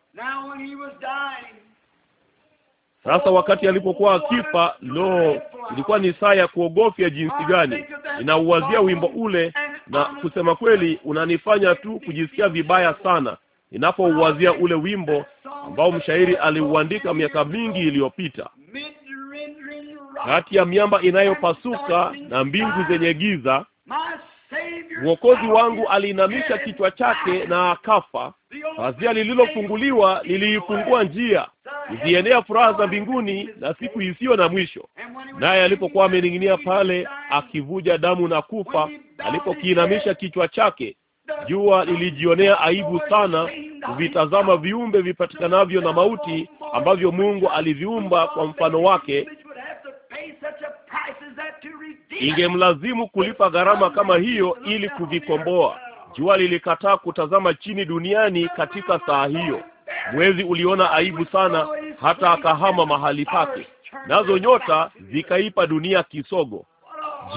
Sasa wakati alipokuwa akifa, lo, ilikuwa ni saa ya kuogofya jinsi gani! Ninauwazia wimbo ule, na kusema kweli, unanifanya tu kujisikia vibaya sana ninapouwazia ule wimbo ambao mshairi aliuandika miaka mingi iliyopita, kati ya miamba inayopasuka na mbingu zenye giza Mwokozi wangu aliinamisha kichwa chake na akafa. Pazia lililofunguliwa liliifungua njia, ilienea furaha za mbinguni na siku isiyo na mwisho. Naye alipokuwa amening'inia pale akivuja damu na kufa, alipokiinamisha kichwa chake, jua lilijionea aibu sana kuvitazama viumbe vipatikanavyo na mauti ambavyo Mungu aliviumba kwa mfano wake ingemlazimu kulipa gharama kama hiyo ili kuvikomboa. Jua lilikataa kutazama chini duniani katika saa hiyo. Mwezi uliona aibu sana, hata akahama mahali pake, nazo nyota zikaipa dunia kisogo.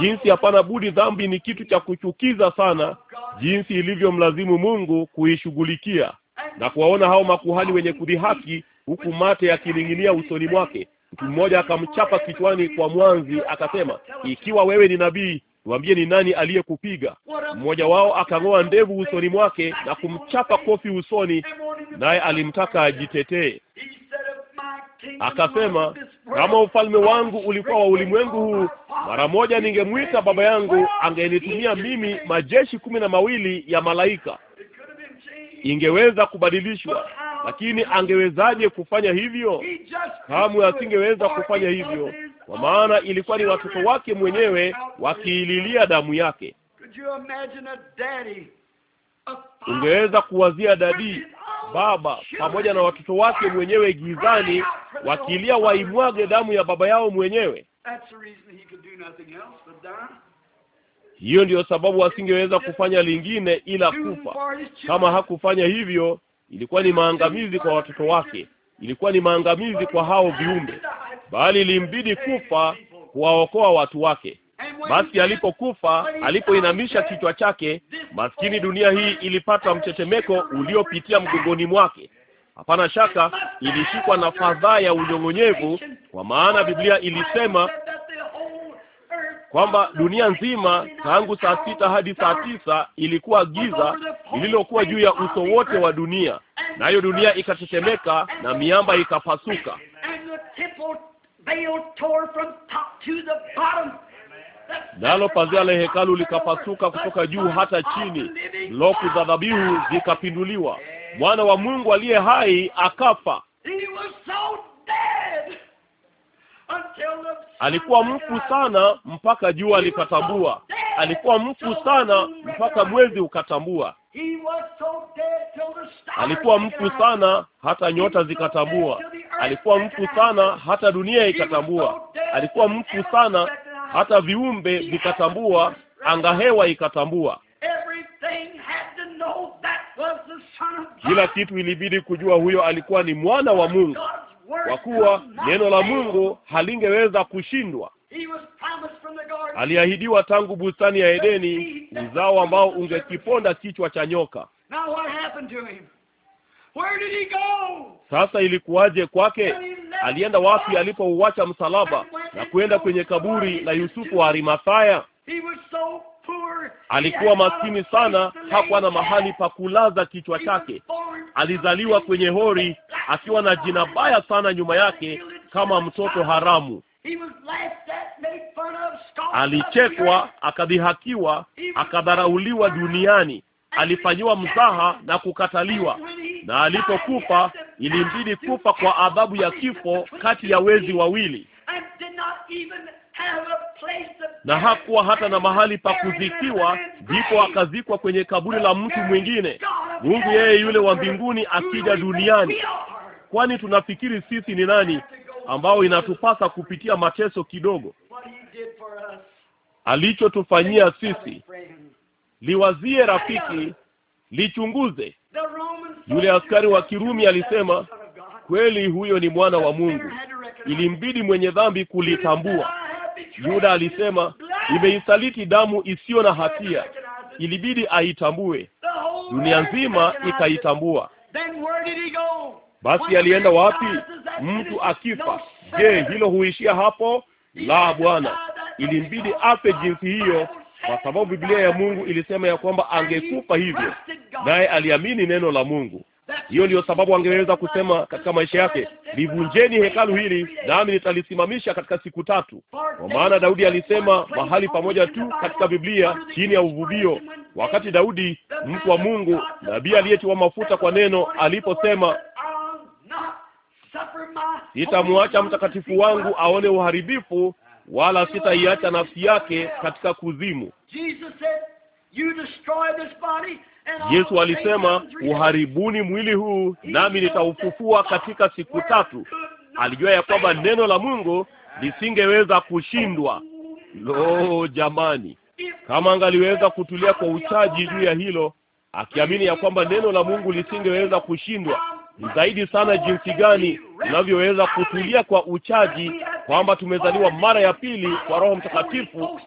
Jinsi hapana budi, dhambi ni kitu cha kuchukiza sana, jinsi ilivyomlazimu Mungu kuishughulikia na kuwaona hao makuhani wenye kudhihaki, huku mate yakining'inia usoni mwake Mtu mmoja akamchapa kichwani kwa mwanzi, akasema, ikiwa wewe ni nabii niambie ni nani aliyekupiga? Mmoja wao akang'oa ndevu usoni mwake na kumchapa kofi usoni, naye alimtaka ajitetee. Akasema, kama ufalme wangu ulikuwa wa ulimwengu huu, mara moja ningemwita baba yangu, angenitumia mimi majeshi kumi na mawili ya malaika. Ingeweza kubadilishwa, lakini angewezaje kufanya hivyo? Kamwe asingeweza kufanya hivyo, kwa maana ilikuwa ni watoto wake mwenyewe wakiililia damu yake. Ungeweza kuwazia dadi baba pamoja na watoto wake mwenyewe gizani, wakilia waimwage damu ya baba yao mwenyewe. Hiyo ndiyo sababu asingeweza kufanya lingine ila kufa. Kama hakufanya hivyo, Ilikuwa ni maangamizi kwa watoto wake, ilikuwa ni maangamizi kwa hao viumbe, bali ilimbidi kufa kuwaokoa watu wake. Basi alipokufa, alipoinamisha kichwa chake, maskini dunia hii ilipata mtetemeko uliopitia mgongoni mwake. Hapana shaka ilishikwa na fadhaa ya unyong'onyevu, kwa maana Biblia ilisema kwamba dunia nzima tangu saa sita hadi saa tisa ilikuwa giza lililokuwa juu ya uso wote wa dunia, nayo dunia ikatetemeka na miamba ikapasuka. Nalo pazia la hekalu likapasuka kutoka juu hata chini, bloku za dhabihu zikapinduliwa. Mwana wa Mungu aliye hai akafa. Alikuwa mfu sana mpaka jua likatambua. Alikuwa mfu sana mpaka mwezi ukatambua. Alikuwa mfu sana hata nyota zikatambua. Alikuwa mfu sana hata dunia ikatambua. Alikuwa mfu sana hata viumbe vikatambua, angahewa ikatambua. Kila kitu ilibidi kujua huyo alikuwa ni mwana wa Mungu kwa kuwa neno la Mungu halingeweza kushindwa. Aliahidiwa tangu bustani ya Edeni uzao ambao ungekiponda kichwa cha nyoka. Sasa ilikuwaje kwake? Alienda wapi alipouacha msalaba na kwenda kwenye kaburi la Yusufu wa Arimathaya? Alikuwa maskini sana, hakuwa na mahali pa kulaza kichwa chake. Alizaliwa kwenye hori akiwa na jina baya sana nyuma yake, kama mtoto haramu. Alichekwa, akadhihakiwa, akadharauliwa duniani. Alifanyiwa mzaha na kukataliwa, na alipokufa ilimbidi kufa kwa adhabu ya kifo kati ya wezi wawili na hakuwa hata na mahali pa kuzikiwa, ndipo akazikwa kwenye kaburi la mtu mwingine. Mungu yeye yule wa mbinguni akija duniani, kwani tunafikiri sisi ni nani, ambao inatupasa kupitia mateso kidogo? Alichotufanyia sisi, liwazie rafiki, lichunguze. Yule askari wa Kirumi alisema, kweli huyo ni mwana wa Mungu. Ilimbidi mwenye dhambi kulitambua. Yuda alisema, imeisaliti damu isiyo na hatia. Ilibidi aitambue, dunia nzima ikaitambua. Basi alienda wapi? Mtu akifa, je, hilo huishia hapo? La, Bwana, ilimbidi afe jinsi hiyo, kwa sababu Biblia ya Mungu ilisema ya kwamba angekufa hivyo, naye aliamini neno la Mungu. Hiyo ndiyo sababu angeweza kusema katika maisha yake, livunjeni hekalu hili nami nitalisimamisha katika siku tatu. Kwa maana Daudi alisema mahali pamoja tu katika Biblia chini ya uvuvio, wakati Daudi mtu wa Mungu, nabii aliyetiwa mafuta kwa neno, aliposema sitamwacha mtakatifu wangu aone uharibifu, wala sitaiacha nafsi yake katika kuzimu. Yesu alisema, uharibuni mwili huu nami nitaufufua katika siku tatu. Alijua ya kwamba neno la Mungu lisingeweza kushindwa. Lo, jamani, kama angaliweza kutulia kwa uchaji juu ya hilo, akiamini ya kwamba neno la Mungu lisingeweza kushindwa. Ni zaidi sana jinsi gani tunavyoweza kutulia kwa uchaji kwamba tumezaliwa mara ya pili kwa Roho Mtakatifu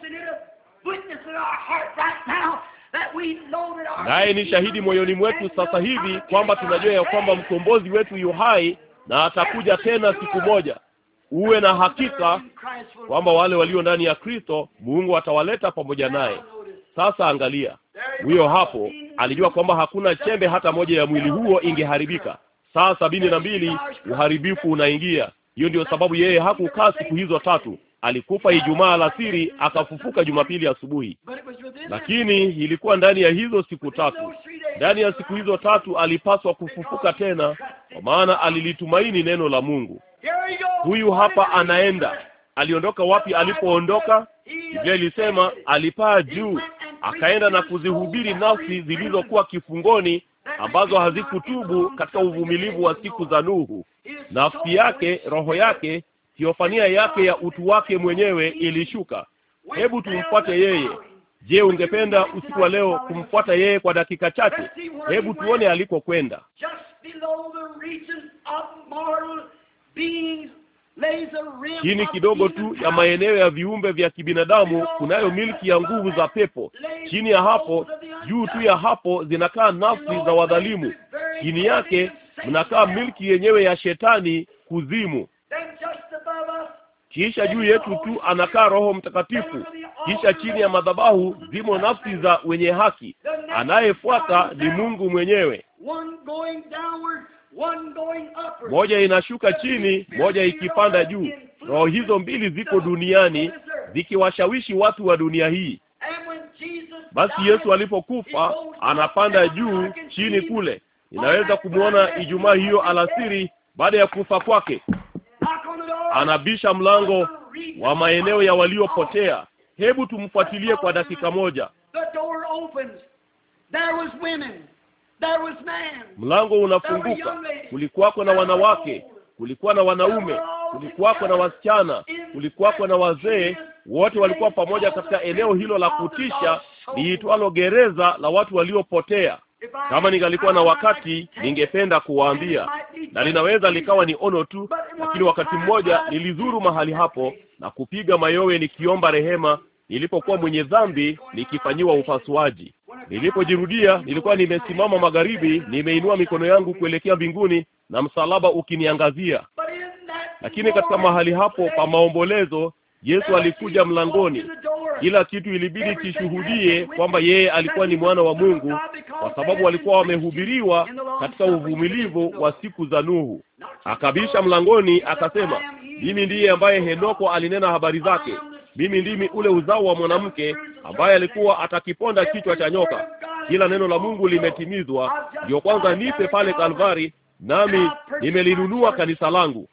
naye ni shahidi moyoni mwetu sasa hivi kwamba tunajua ya kwamba mkombozi wetu yu hai na atakuja tena siku moja. Uwe na hakika kwamba wale walio ndani ya Kristo Mungu atawaleta pamoja naye. Sasa angalia, huyo hapo alijua kwamba hakuna chembe hata moja ya mwili huo ingeharibika. Saa sabini na mbili uharibifu unaingia. Hiyo ndiyo sababu yeye hakukaa siku hizo tatu alikufa Ijumaa alasiri akafufuka Jumapili asubuhi, lakini ilikuwa ndani ya hizo siku tatu. Ndani ya siku hizo tatu alipaswa kufufuka tena, kwa maana alilitumaini neno la Mungu. Huyu hapa anaenda. Aliondoka wapi? Alipoondoka, Biblia ilisema alipaa juu, akaenda na kuzihubiri nafsi zilizokuwa kifungoni ambazo hazikutubu katika uvumilivu wa siku za Nuhu. Nafsi yake, roho yake tiofania yake ya utu wake mwenyewe ilishuka. Hebu tumfuate yeye. Je, ungependa usiku wa leo kumfuata yeye kwa dakika chache? Hebu tuone alikokwenda. Chini kidogo tu ya maeneo ya viumbe vya kibinadamu kunayo milki ya nguvu za pepo. Chini ya hapo, juu tu ya hapo zinakaa nafsi za wadhalimu. Chini yake mnakaa milki yenyewe ya shetani, kuzimu. Kisha juu yetu tu anakaa Roho Mtakatifu. Kisha chini ya madhabahu zimo nafsi za wenye haki. Anayefuata ni Mungu mwenyewe. Moja inashuka chini, moja ikipanda juu. Roho hizo mbili ziko duniani zikiwashawishi watu wa dunia hii. Basi Yesu alipokufa anapanda juu chini kule. Inaweza kumwona Ijumaa hiyo alasiri baada ya kufa kwake. Anabisha mlango wa maeneo ya waliopotea. Hebu tumfuatilie kwa dakika moja. Mlango unafunguka, kulikuwako na wanawake, kulikuwa na wanaume, kulikuwako na wasichana, kulikuwako na wazee, wote walikuwa pamoja katika eneo hilo la kutisha liitwalo gereza la watu waliopotea. Kama ningalikuwa na wakati, ningependa kuwaambia, na linaweza likawa ni ono tu, lakini wakati mmoja nilizuru mahali hapo na kupiga mayowe nikiomba rehema nilipokuwa mwenye dhambi nikifanyiwa upasuaji. Nilipojirudia nilikuwa nimesimama magharibi, nimeinua mikono yangu kuelekea mbinguni na msalaba ukiniangazia. Lakini katika mahali hapo pa maombolezo Yesu alikuja mlangoni. Kila kitu ilibidi kishuhudie kwamba yeye alikuwa ni mwana wa Mungu, kwa sababu walikuwa wamehubiriwa katika uvumilivu wa siku za Nuhu. Akabisha mlangoni, akasema, mimi ndiye ambaye Henoko alinena habari zake, mimi ndimi ule uzao wa mwanamke ambaye alikuwa atakiponda kichwa cha nyoka. Kila neno la Mungu limetimizwa. Ndiyo kwanza nipe pale Kalvari nami nimelinunua kanisa langu.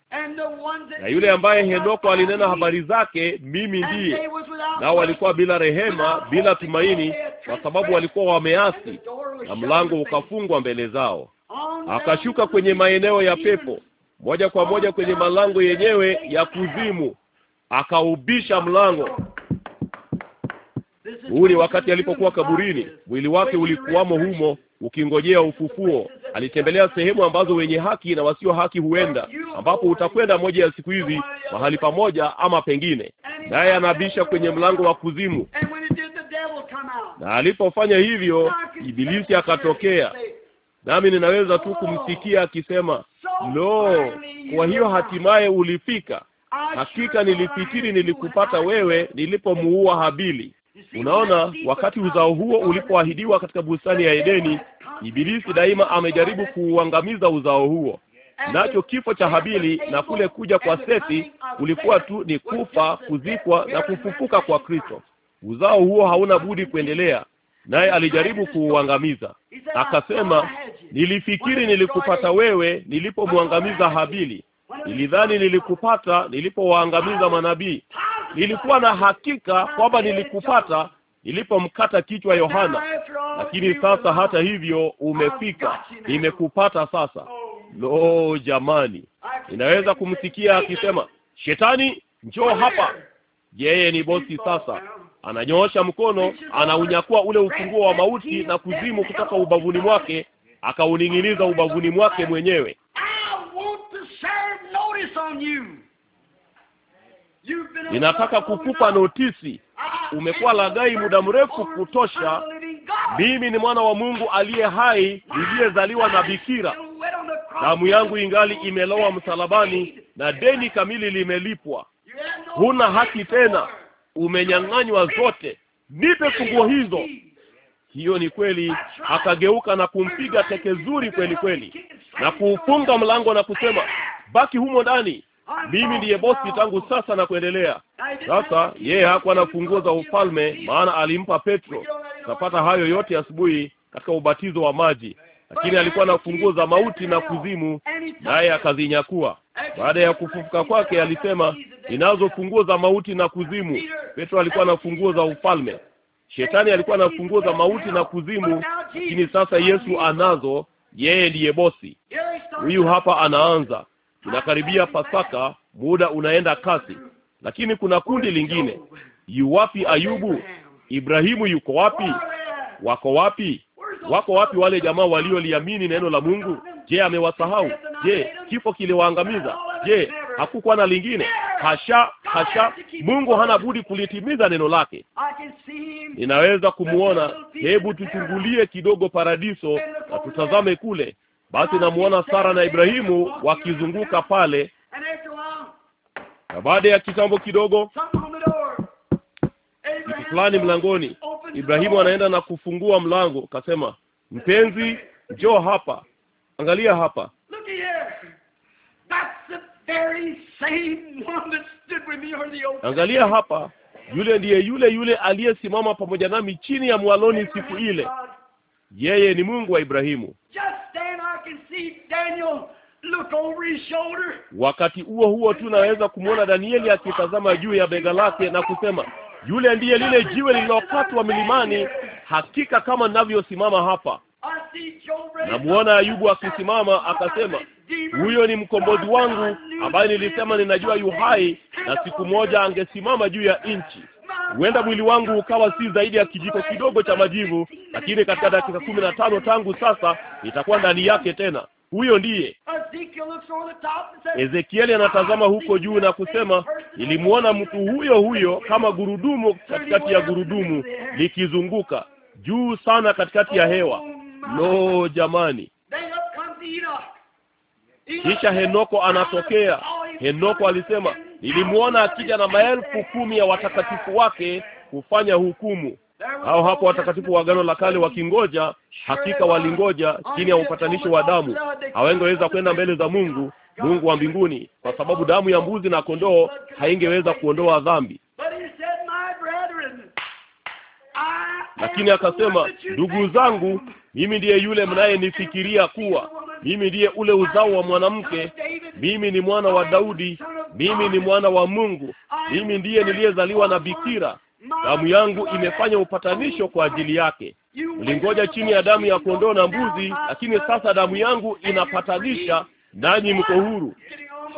Na yule ambaye Henoko alinena habari zake, mimi ndiye. Nao walikuwa bila rehema, bila tumaini, kwa sababu walikuwa wameasi, na mlango ukafungwa mbele zao. Akashuka kwenye maeneo ya pepo, moja kwa moja kwenye malango yenyewe ya kuzimu, akaubisha mlango. Huu ni wakati alipokuwa kaburini, mwili wake ulikuwamo humo ukingojea ufufuo. Alitembelea sehemu ambazo wenye haki na wasio haki huenda, ambapo utakwenda moja ya siku hizi, mahali pamoja ama pengine. Naye anabisha kwenye mlango wa kuzimu, na alipofanya hivyo, Ibilisi akatokea. Nami ninaweza tu kumsikia akisema lo, kwa hiyo hatimaye ulifika. Hakika nilifikiri nilikupata wewe nilipomuua Habili. Unaona, wakati uzao huo ulipoahidiwa katika bustani ya Edeni, Ibilisi daima amejaribu kuuangamiza uzao huo. Nacho kifo cha Habili na kule kuja kwa Sethi kulikuwa tu ni kufa, kuzikwa na kufufuka kwa Kristo. Uzao huo hauna budi kuendelea, naye alijaribu kuuangamiza. Akasema, nilifikiri nilikupata wewe nilipomwangamiza Habili, nilidhani nilikupata nilipowaangamiza manabii nilikuwa na hakika kwamba nilikupata nilipomkata kichwa Yohana, lakini sasa hata hivyo umefika, nimekupata sasa. Lo, jamani, ninaweza kumsikia akisema, Shetani njoo hapa. Yeye ni bosi sasa, ananyoosha mkono, anaunyakua ule ufunguo wa mauti na kuzimu kutoka ubavuni mwake, akauning'iniza ubavuni mwake mwenyewe inataka kukupa notisi. Umekuwa lagai muda mrefu kutosha. Mimi ni mwana wa Mungu aliye hai, niliyezaliwa na bikira. Damu yangu ingali imelowa msalabani na deni kamili limelipwa. Huna haki tena, umenyang'anywa zote. Nipe funguo hizo. Hiyo ni kweli. Akageuka na kumpiga teke zuri kweli kweli, na kuufunga mlango na kusema, baki humo ndani mimi ndiye bosi tangu sasa na kuendelea. Sasa yeye hakuwa na funguo za ufalme, maana alimpa Petro. Tutapata hayo yote asubuhi katika ubatizo wa maji, lakini alikuwa na funguo za mauti na kuzimu, naye akazinyakua. Baada ya kufufuka kwake alisema, ninazo funguo za mauti na kuzimu. Petro alikuwa na funguo za ufalme. Shetani alikuwa na funguo za mauti na kuzimu, lakini sasa Yesu anazo. Yeye ndiye bosi. Huyu hapa anaanza Tunakaribia Pasaka, muda unaenda kasi, lakini kuna kundi lingine. Yuwapi Ayubu? Ibrahimu yuko wapi? Wako wapi? Wako wapi wale jamaa walioliamini neno la Mungu? Je, amewasahau? Je, kifo kiliwaangamiza? Je, hakukuwa na lingine? Hasha, hasha! Mungu hana budi kulitimiza neno lake. Ninaweza kumuona. Hebu tuchungulie kidogo paradiso na tutazame kule basi namuona Sara na Ibrahimu wakizunguka pale, na baada ya kitambo kidogo, kitu fulani mlangoni. Ibrahimu anaenda na kufungua mlango, kasema, mpenzi, njoo hapa, angalia hapa Angalia hapa, yule ndiye yule yule aliyesimama pamoja nami chini ya mwaloni siku ile. Yeye ni Mungu wa Ibrahimu. Wakati huo huo tu naweza kumwona Danieli akitazama juu ya bega lake na kusema, yule ndiye lile jiwe lililokatwa milimani, hakika kama ninavyosimama hapa. Namuona Ayubu akisimama akasema, huyo ni mkombozi wangu ambaye nilisema ninajua yuhai na siku moja angesimama juu ya nchi. Huenda mwili wangu ukawa si zaidi ya kijiko kidogo cha majivu, lakini katika dakika kumi na tano tangu sasa nitakuwa ndani yake tena. Huyo ndiye Ezekieli. Anatazama huko juu na kusema, nilimwona mtu huyo huyo kama gurudumu katikati ya gurudumu likizunguka juu sana katikati ya hewa. Lo, jamani! Kisha Henoko anatokea. Henoko alisema, nilimwona akija na maelfu kumi ya watakatifu wake kufanya hukumu. Hao hapo watakatifu wa Agano la Kale wakingoja, hakika walingoja chini ya upatanisho wa damu. Hawangeweza kwenda mbele za Mungu, Mungu wa mbinguni, kwa sababu damu ya mbuzi na kondoo haingeweza kuondoa dhambi. Lakini akasema, ndugu zangu, mimi ndiye yule mnayenifikiria kuwa mimi ndiye ule uzao wa mwanamke, mimi ni mwana wa Daudi, mimi ni mwana wa Mungu, mimi ndiye niliyezaliwa na bikira, damu yangu imefanya upatanisho kwa ajili yake. Ulingoja chini ya damu ya kondoo na mbuzi, lakini sasa damu yangu inapatanisha nanyi, mko huru.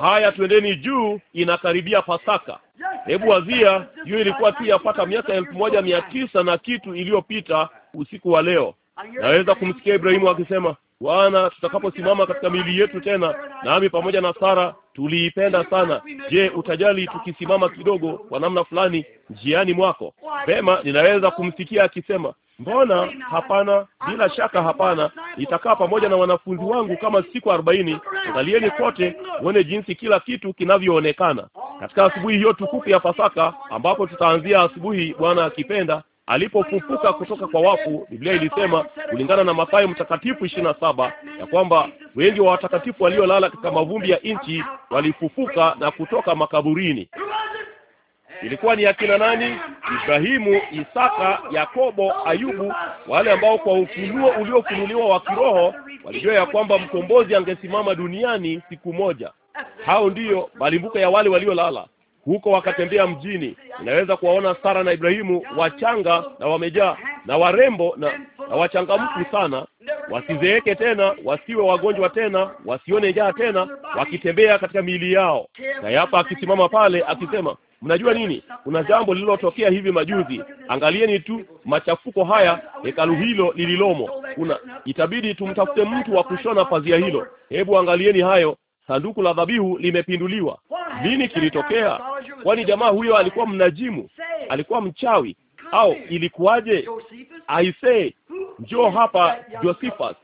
Haya, twendeni juu, inakaribia Pasaka. Hebu wazia, hiyo ilikuwa tu yapata miaka elfu moja mia tisa na kitu iliyopita. Usiku wa leo naweza kumsikia Ibrahimu akisema Bwana, tutakaposimama katika miili yetu tena, nami pamoja na Sara tuliipenda sana. Je, utajali tukisimama kidogo kwa namna fulani njiani mwako? Vema, ninaweza kumsikia akisema Mbona hapana? Bila shaka hapana. Nitakaa pamoja na wanafunzi wangu kama siku arobaini. Angalieni kote uone jinsi kila kitu kinavyoonekana katika asubuhi hiyo tukufu ya Pasaka, ambapo tutaanzia asubuhi, Bwana akipenda, alipofufuka kutoka kwa wafu, Biblia ilisema kulingana na Mathayo mtakatifu ishirini na saba ya kwamba wengi wa watakatifu waliolala katika mavumbi ya nchi walifufuka na kutoka makaburini. Ilikuwa ni akina nani? Ibrahimu, Isaka, Yakobo, Ayubu, wale ambao kwa ufunuo uliofunuliwa wa kiroho walijua ya kwamba mkombozi angesimama duniani siku moja. Hao ndiyo malimbuko ya wale waliolala huko wakatembea mjini. Unaweza kuwaona Sara na Ibrahimu wachanga na wamejaa na warembo na, na wachangamfu sana, wasizeeke tena, wasiwe wagonjwa tena, wasione njaa tena, wakitembea katika miili yao. Na hapa akisimama pale akisema, mnajua nini, kuna jambo lililotokea hivi majuzi. Angalieni tu machafuko haya, hekalu hilo lililomo. Kuna itabidi tumtafute mtu wa kushona pazia hilo. Hebu angalieni hayo sanduku la dhabihu limepinduliwa. Nini kilitokea? Kwani jamaa huyo alikuwa mnajimu, alikuwa mchawi au ilikuwaje? Aisee, njoo hapa Josephus.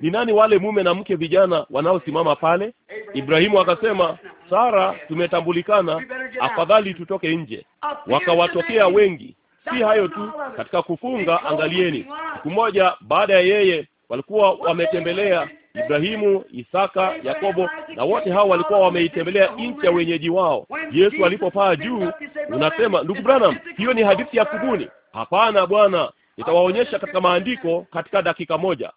Ni nani wale mume na mke vijana wanaosimama pale? Ibrahimu akasema, Sara, tumetambulikana, afadhali tutoke nje. Wakawatokea wengi. Si hayo tu, katika kufunga, angalieni, siku moja baada ya yeye walikuwa wametembelea Ibrahimu, Isaka, Yakobo na wote hao walikuwa wameitembelea nchi ya wenyeji wao. Yesu alipopaa juu, unasema ndugu Branham, hiyo ni hadithi ya kubuni. Hapana bwana, nitawaonyesha katika maandiko katika dakika moja.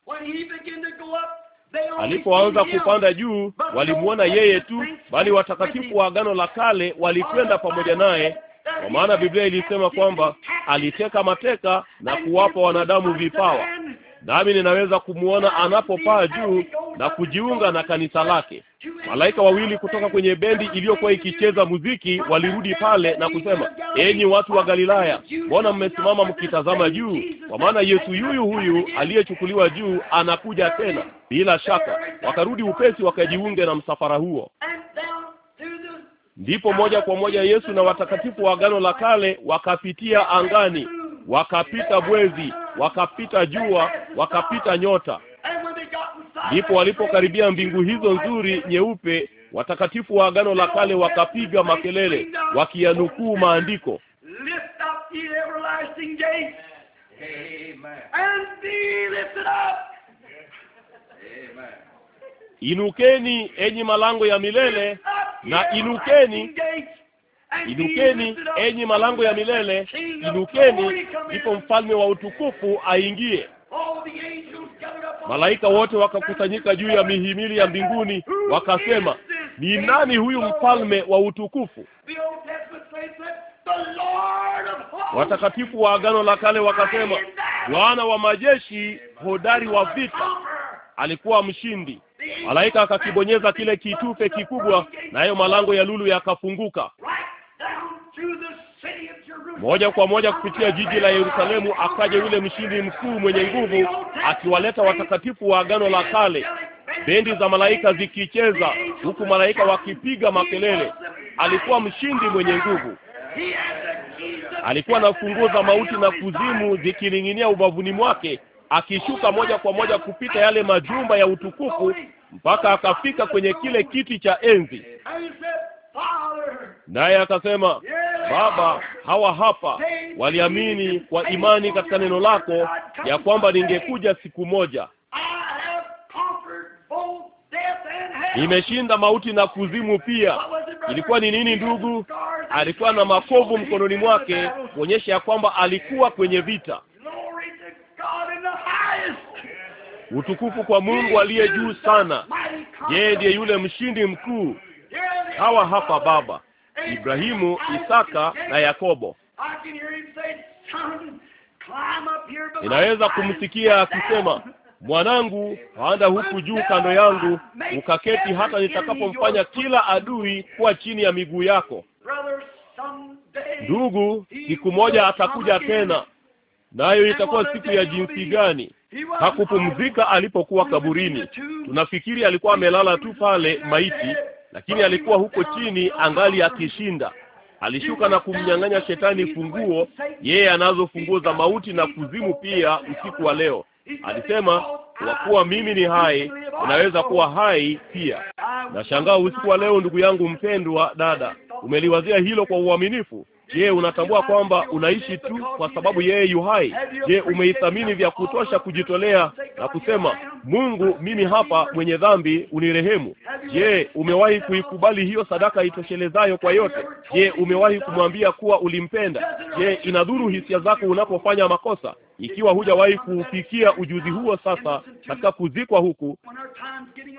Alipoanza kupanda juu, walimuona yeye tu, bali watakatifu wa Agano la Kale walikwenda pamoja naye, kwa maana Biblia ilisema kwamba aliteka mateka na kuwapa wanadamu vipawa nami ninaweza kumwona anapopaa juu na kujiunga na kanisa lake. Malaika wawili kutoka kwenye bendi iliyokuwa ikicheza muziki walirudi pale na kusema, enyi watu wa Galilaya, mbona mmesimama mkitazama juu? Kwa maana Yesu yuyu huyu aliyechukuliwa juu anakuja tena. Bila shaka wakarudi upesi wakajiunge na msafara huo. Ndipo moja kwa moja Yesu na watakatifu wa Agano la Kale wakapitia angani wakapita bwezi, wakapita jua, wakapita nyota. Ndipo walipokaribia mbingu hizo nzuri nyeupe, watakatifu wa Agano la Kale wakapiga makelele wakiyanukuu maandiko, Inukeni enyi malango ya milele, na inukeni Inukeni enyi malango ya milele, inukeni, ndipo mfalme wa utukufu aingie. Malaika wote wakakusanyika juu ya mihimili ya mbinguni, wakasema, ni nani huyu mfalme wa utukufu? Watakatifu wa Agano la Kale wakasema, Bwana wa majeshi, hodari wa vita, alikuwa mshindi. Malaika akakibonyeza kile kitufe kikubwa, nayo malango ya lulu yakafunguka moja kwa moja kupitia jiji la Yerusalemu, akaja yule mshindi mkuu mwenye nguvu, akiwaleta watakatifu wa Agano la Kale, bendi za malaika zikicheza, huku malaika wakipiga makelele. Alikuwa mshindi mwenye nguvu. Alikuwa na funguo za mauti na kuzimu zikining'inia ubavuni mwake, akishuka moja kwa moja kupita yale majumba ya utukufu mpaka akafika kwenye kile kiti cha enzi. Naye akasema, Baba, hawa hapa waliamini kwa imani katika neno lako ya kwamba ningekuja siku moja. Nimeshinda mauti na kuzimu pia. Ilikuwa ni nini, ndugu? Alikuwa na makovu mkononi mwake kuonyesha ya kwamba alikuwa kwenye vita. Utukufu kwa Mungu aliye juu sana. Yeye ndiye yule mshindi mkuu. Hawa hapa Baba. Ibrahimu, Isaka na Yakobo. Inaweza kumsikia akisema, mwanangu, panda huku juu kando yangu, ukaketi hata nitakapomfanya kila adui kuwa chini ya miguu yako. Ndugu, siku moja atakuja tena, nayo itakuwa siku ya jinsi gani! Hakupumzika alipokuwa kaburini. Tunafikiri alikuwa amelala tu pale maiti, lakini alikuwa huko chini angali akishinda. Alishuka na kumnyang'anya shetani funguo, yeye anazo funguo za mauti na kuzimu pia. Usiku wa leo alisema, kwa kuwa mimi ni hai, unaweza kuwa hai pia. Nashangaa usiku wa leo, ndugu yangu mpendwa, dada, umeliwazia hilo kwa uaminifu. Je, unatambua kwamba unaishi tu kwa sababu yeye yu hai? Je, umeithamini vya kutosha kujitolea na kusema Mungu, mimi hapa mwenye dhambi, unirehemu? Je, umewahi kuikubali hiyo sadaka itoshelezayo kwa yote? Je, umewahi kumwambia kuwa ulimpenda? Je, inadhuru hisia zako unapofanya makosa? Ikiwa hujawahi kuufikia ujuzi huo sasa katika kuzikwa huku,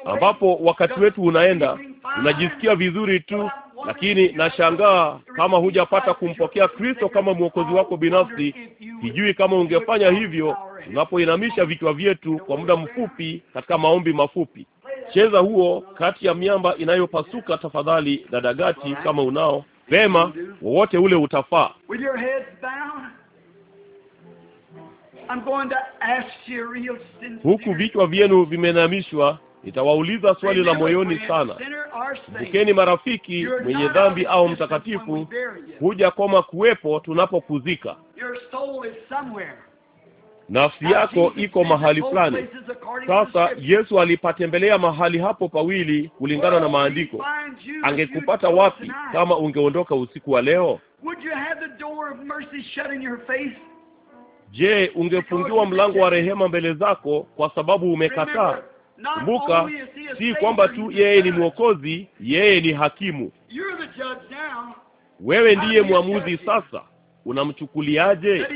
ambapo wakati wetu unaenda, unajisikia vizuri tu lakini nashangaa kama hujapata kumpokea Kristo kama mwokozi wako binafsi. Sijui kama ungefanya hivyo tunapoinamisha vichwa vyetu kwa muda mfupi katika maombi mafupi. Cheza huo kati ya miamba inayopasuka tafadhali, dadagati, kama unao vema, wowote ule utafaa. Huku vichwa vyenu vimenamishwa nitawauliza swali la moyoni sana. Kumbukeni marafiki, mwenye dhambi au mtakatifu huja koma kuwepo tunapokuzika. Nafsi yako iko mahali fulani. Sasa Yesu alipatembelea mahali hapo pawili kulingana na maandiko. Angekupata wapi kama ungeondoka usiku wa leo? Je, ungefungiwa mlango wa rehema mbele zako kwa sababu umekataa? Kumbuka, si kwamba tu yeye ni Mwokozi, yeye ni hakimu. Wewe ndiye mwamuzi sasa. Unamchukuliaje?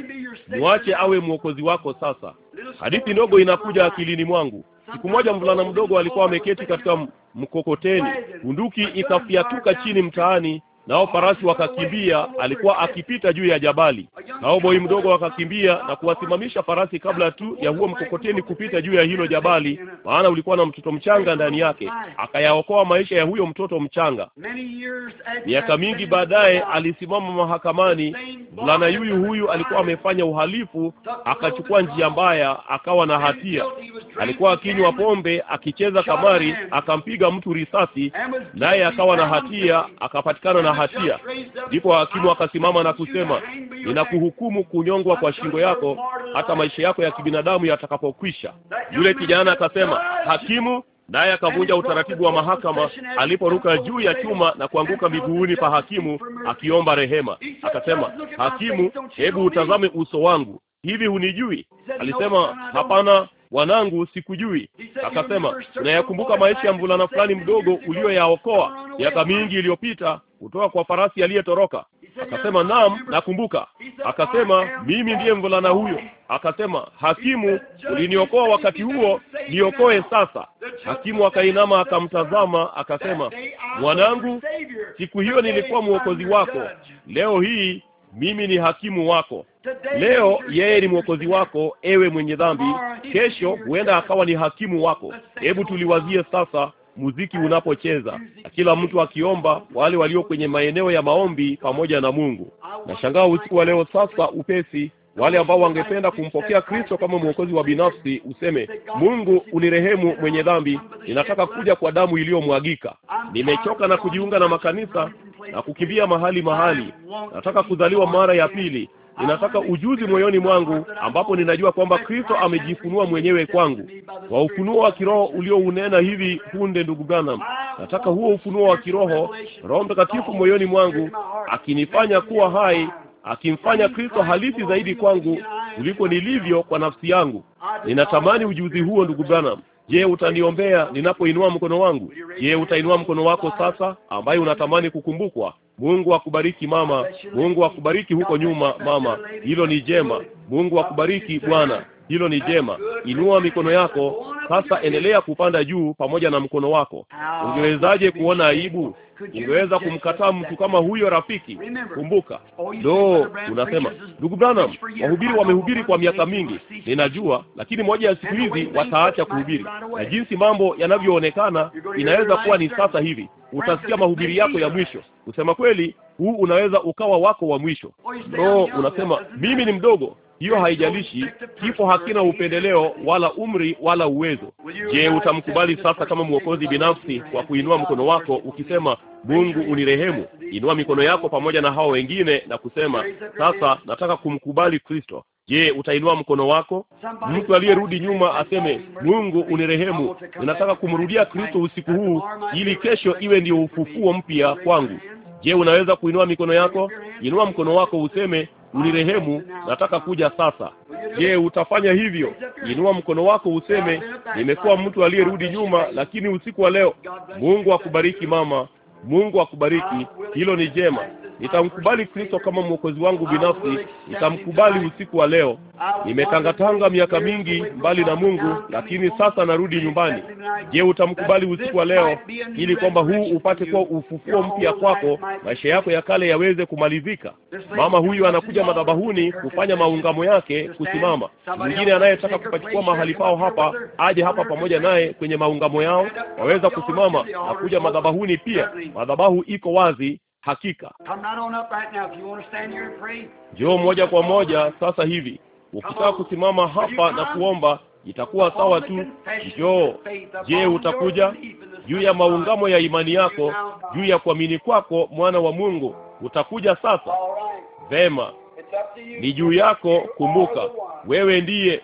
Mwache awe mwokozi wako sasa. Hadithi ndogo inakuja akilini mwangu. Siku moja mvulana mdogo alikuwa ameketi katika mkokoteni, bunduki ikafiatuka chini mtaani, nao farasi wakakimbia. Alikuwa akipita juu ya jabali, nao boi mdogo wakakimbia na kuwasimamisha farasi kabla tu ya huo mkokoteni kupita juu ya hilo jabali, maana ulikuwa na mtoto mchanga ndani yake. Akayaokoa maisha ya huyo mtoto mchanga. Miaka mingi baadaye alisimama mahakamani. Mvulana yuyu huyu alikuwa amefanya uhalifu, akachukua njia mbaya, akawa na hatia. Alikuwa akinywa pombe, akicheza kamari, akampiga mtu risasi, naye akawa na hatia, akapatikana na hatia. Ndipo hakimu akasimama na kusema, ninakuhukumu kunyongwa kwa shingo yako hata maisha yako ya kibinadamu yatakapokwisha. Yule kijana akasema, hakimu, naye akavunja utaratibu wa mahakama aliporuka juu ya chuma na kuanguka miguuni pa hakimu akiomba rehema. Akasema, hakimu, hebu utazame uso wangu, hivi hunijui? Alisema, hapana, wanangu, sikujui. Akasema, unayakumbuka maisha ya mvulana fulani mdogo uliyoyaokoa miaka mingi iliyopita kutoka kwa farasi aliyetoroka? Akasema, naam, nakumbuka. Akasema, mimi ndiye mvulana huyo. Akasema, hakimu, uliniokoa wakati huo, niokoe sasa. Hakimu akainama akamtazama, akasema, mwanangu, siku hiyo nilikuwa mwokozi wako, leo hii mimi ni hakimu wako. Leo yeye ni mwokozi wako, ewe mwenye dhambi. Kesho huenda akawa ni hakimu wako. Hebu tuliwazie sasa muziki unapocheza na kila mtu akiomba, wale walio kwenye maeneo ya maombi pamoja na Mungu. Nashangaa usiku wa leo sasa upesi wale ambao wangependa kumpokea Kristo kama mwokozi wa binafsi, useme Mungu unirehemu, mwenye dhambi, ninataka kuja kwa damu iliyomwagika. Nimechoka na kujiunga na makanisa na kukimbia mahali mahali, nataka kuzaliwa mara ya pili ninataka ujuzi moyoni mwangu, ambapo ninajua kwamba Kristo amejifunua mwenyewe kwangu kwa ufunuo wa kiroho uliounena hivi punde. Ndugu Branham, nataka huo ufunuo wa kiroho, Roho Mtakatifu moyoni mwangu akinifanya kuwa hai, akimfanya Kristo halisi zaidi kwangu kuliko nilivyo kwa nafsi yangu. Ninatamani ujuzi huo, ndugu Branham. Je, utaniombea ninapoinua mkono wangu? Je, utainua mkono wako sasa, ambaye unatamani kukumbukwa? Mungu akubariki mama. Mungu akubariki huko nyuma mama, hilo ni jema. Mungu akubariki bwana. Hilo ni jema. Inua mikono yako sasa, endelea kupanda juu pamoja na mkono wako. Ungewezaje kuona aibu? Ungeweza kumkataa mtu kama huyo, rafiki? Kumbuka do, unasema ndugu Branham, wahubiri wamehubiri kwa miaka mingi, ninajua, lakini moja ya siku hizi wataacha kuhubiri, na jinsi mambo yanavyoonekana inaweza kuwa ni sasa hivi. Utasikia mahubiri yako ya mwisho. Kusema kweli, huu unaweza ukawa wako wa mwisho. Do, unasema mimi ni mdogo hiyo haijalishi. Kifo hakina upendeleo wala umri wala uwezo. Je, utamkubali sasa kama mwokozi binafsi kwa kuinua mkono wako ukisema, Mungu unirehemu? Inua mikono yako pamoja na hao wengine na kusema, sasa nataka kumkubali Kristo. Je, utainua mkono wako? Mtu aliyerudi nyuma aseme, Mungu unirehemu, ninataka kumrudia Kristo usiku huu, ili kesho iwe ndiyo ufufuo mpya kwangu. Je, unaweza kuinua mikono yako? Inua mkono wako useme, unirehemu, nataka kuja sasa. Je, utafanya hivyo? Inua mkono wako useme, nimekuwa mtu aliyerudi nyuma, lakini usiku wa leo. Mungu akubariki mama, Mungu akubariki. Hilo ni jema. Nitamkubali Kristo kama mwokozi wangu binafsi, nitamkubali usiku wa leo. Nimetangatanga miaka mingi mbali na Mungu, lakini sasa narudi nyumbani. Je, utamkubali usiku wa leo ili kwamba huu upate kuwa ufufuo mpya kwako, maisha yako ya kale yaweze kumalizika? Mama huyu anakuja madhabahuni kufanya maungamo yake, kusimama. Mwingine anayetaka kupachukua mahali pao hapa aje hapa pamoja naye kwenye maungamo yao, waweza kusimama na kuja madhabahuni pia. Madhabahu iko wazi Hakika njoo moja kwa moja sasa hivi. Ukitaka kusimama hapa na kuomba itakuwa sawa tu. Njoo. Je, utakuja juu ya maungamo ya imani yako, juu ya kuamini kwako, mwana wa Mungu? Utakuja sasa. Vema, ni juu yako. Kumbuka wewe ndiye.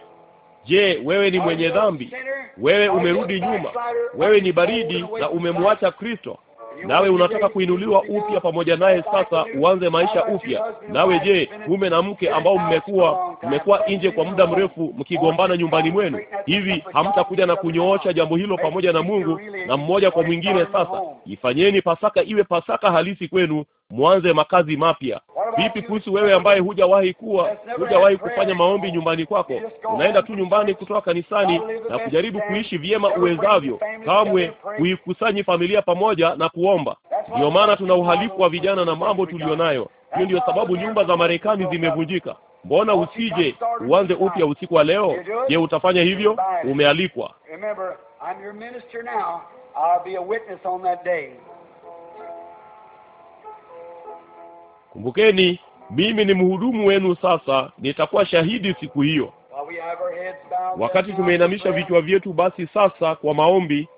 Je, wewe ni mwenye dhambi? Wewe umerudi nyuma? Wewe ni baridi na umemwacha Kristo? nawe unataka kuinuliwa upya pamoja naye, sasa uanze maisha upya. Nawe je, mume na mke ambao mmekuwa mmekuwa nje kwa muda mrefu mkigombana nyumbani mwenu, hivi hamtakuja na kunyoosha jambo hilo pamoja na Mungu na mmoja kwa mwingine? Sasa ifanyeni Pasaka iwe Pasaka halisi kwenu, mwanze makazi mapya. Vipi kuhusu wewe ambaye hujawahi kuwa hujawahi kufanya maombi nyumbani kwako? Unaenda tu nyumbani kutoka kanisani na kujaribu kuishi vyema uwezavyo, kamwe kuikusanyi familia pamoja na kuo kuomba. Ndiyo maana tuna uhalifu wa vijana na mambo tulionayo. Hiyo ndiyo sababu nyumba za Marekani zimevunjika. Mbona usije uanze upya usiku wa leo? Je, utafanya hivyo? Umealikwa. Kumbukeni, mimi ni mhudumu wenu sasa, nitakuwa shahidi siku hiyo. Wakati tumeinamisha vichwa vyetu, basi sasa kwa maombi.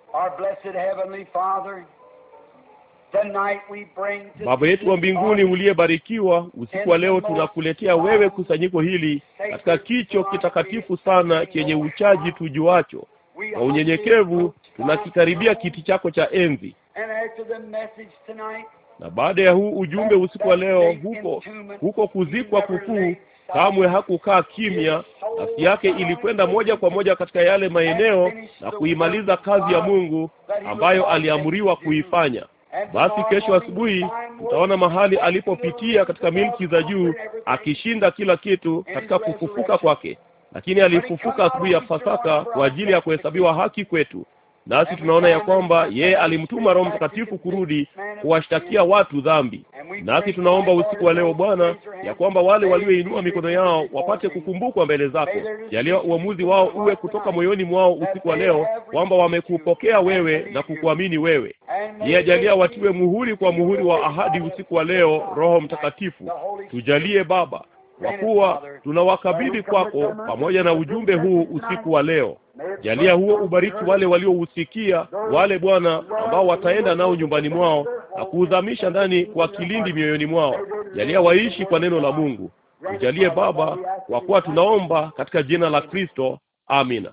Baba yetu wa mbinguni uliyebarikiwa, usiku wa leo tunakuletea wewe kusanyiko hili katika kicho kitakatifu sana chenye uchaji tujuacho. Kwa unyenyekevu tunakikaribia kiti chako cha enzi, na baada ya huu ujumbe usiku wa leo, huko huko kuzikwa kukuu kamwe hakukaa kimya. Nafsi yake ilikwenda moja kwa moja katika yale maeneo na kuimaliza kazi ya Mungu ambayo aliamriwa kuifanya. Basi kesho asubuhi utaona mahali alipopitia katika milki za juu, akishinda kila kitu katika kufufuka kwake. Lakini alifufuka asubuhi ya Pasaka kwa ajili ya kuhesabiwa haki kwetu, Nasi tunaona ya kwamba yeye alimtuma Roho Mtakatifu kurudi kuwashtakia watu dhambi. Nasi tunaomba usiku wa leo Bwana, ya kwamba wale walioinua mikono yao wapate kukumbukwa mbele zako. Jalia uamuzi wao uwe kutoka moyoni mwao usiku wa leo kwamba wamekupokea wewe na kukuamini wewe. Yeye jalia watiwe muhuri kwa muhuri wa ahadi usiku wa leo, Roho Mtakatifu. Tujalie Baba, kwa kuwa tunawakabidhi kwako pamoja na ujumbe huu usiku wa leo. Jalia huo ubariki wale waliohusikia wale Bwana, ambao wataenda nao nyumbani mwao na kuudhamisha ndani kwa kilindi mioyoni mwao. Jalia waishi kwa neno la Mungu. Tujalie Baba, kwa kuwa tunaomba katika jina la Kristo, amina.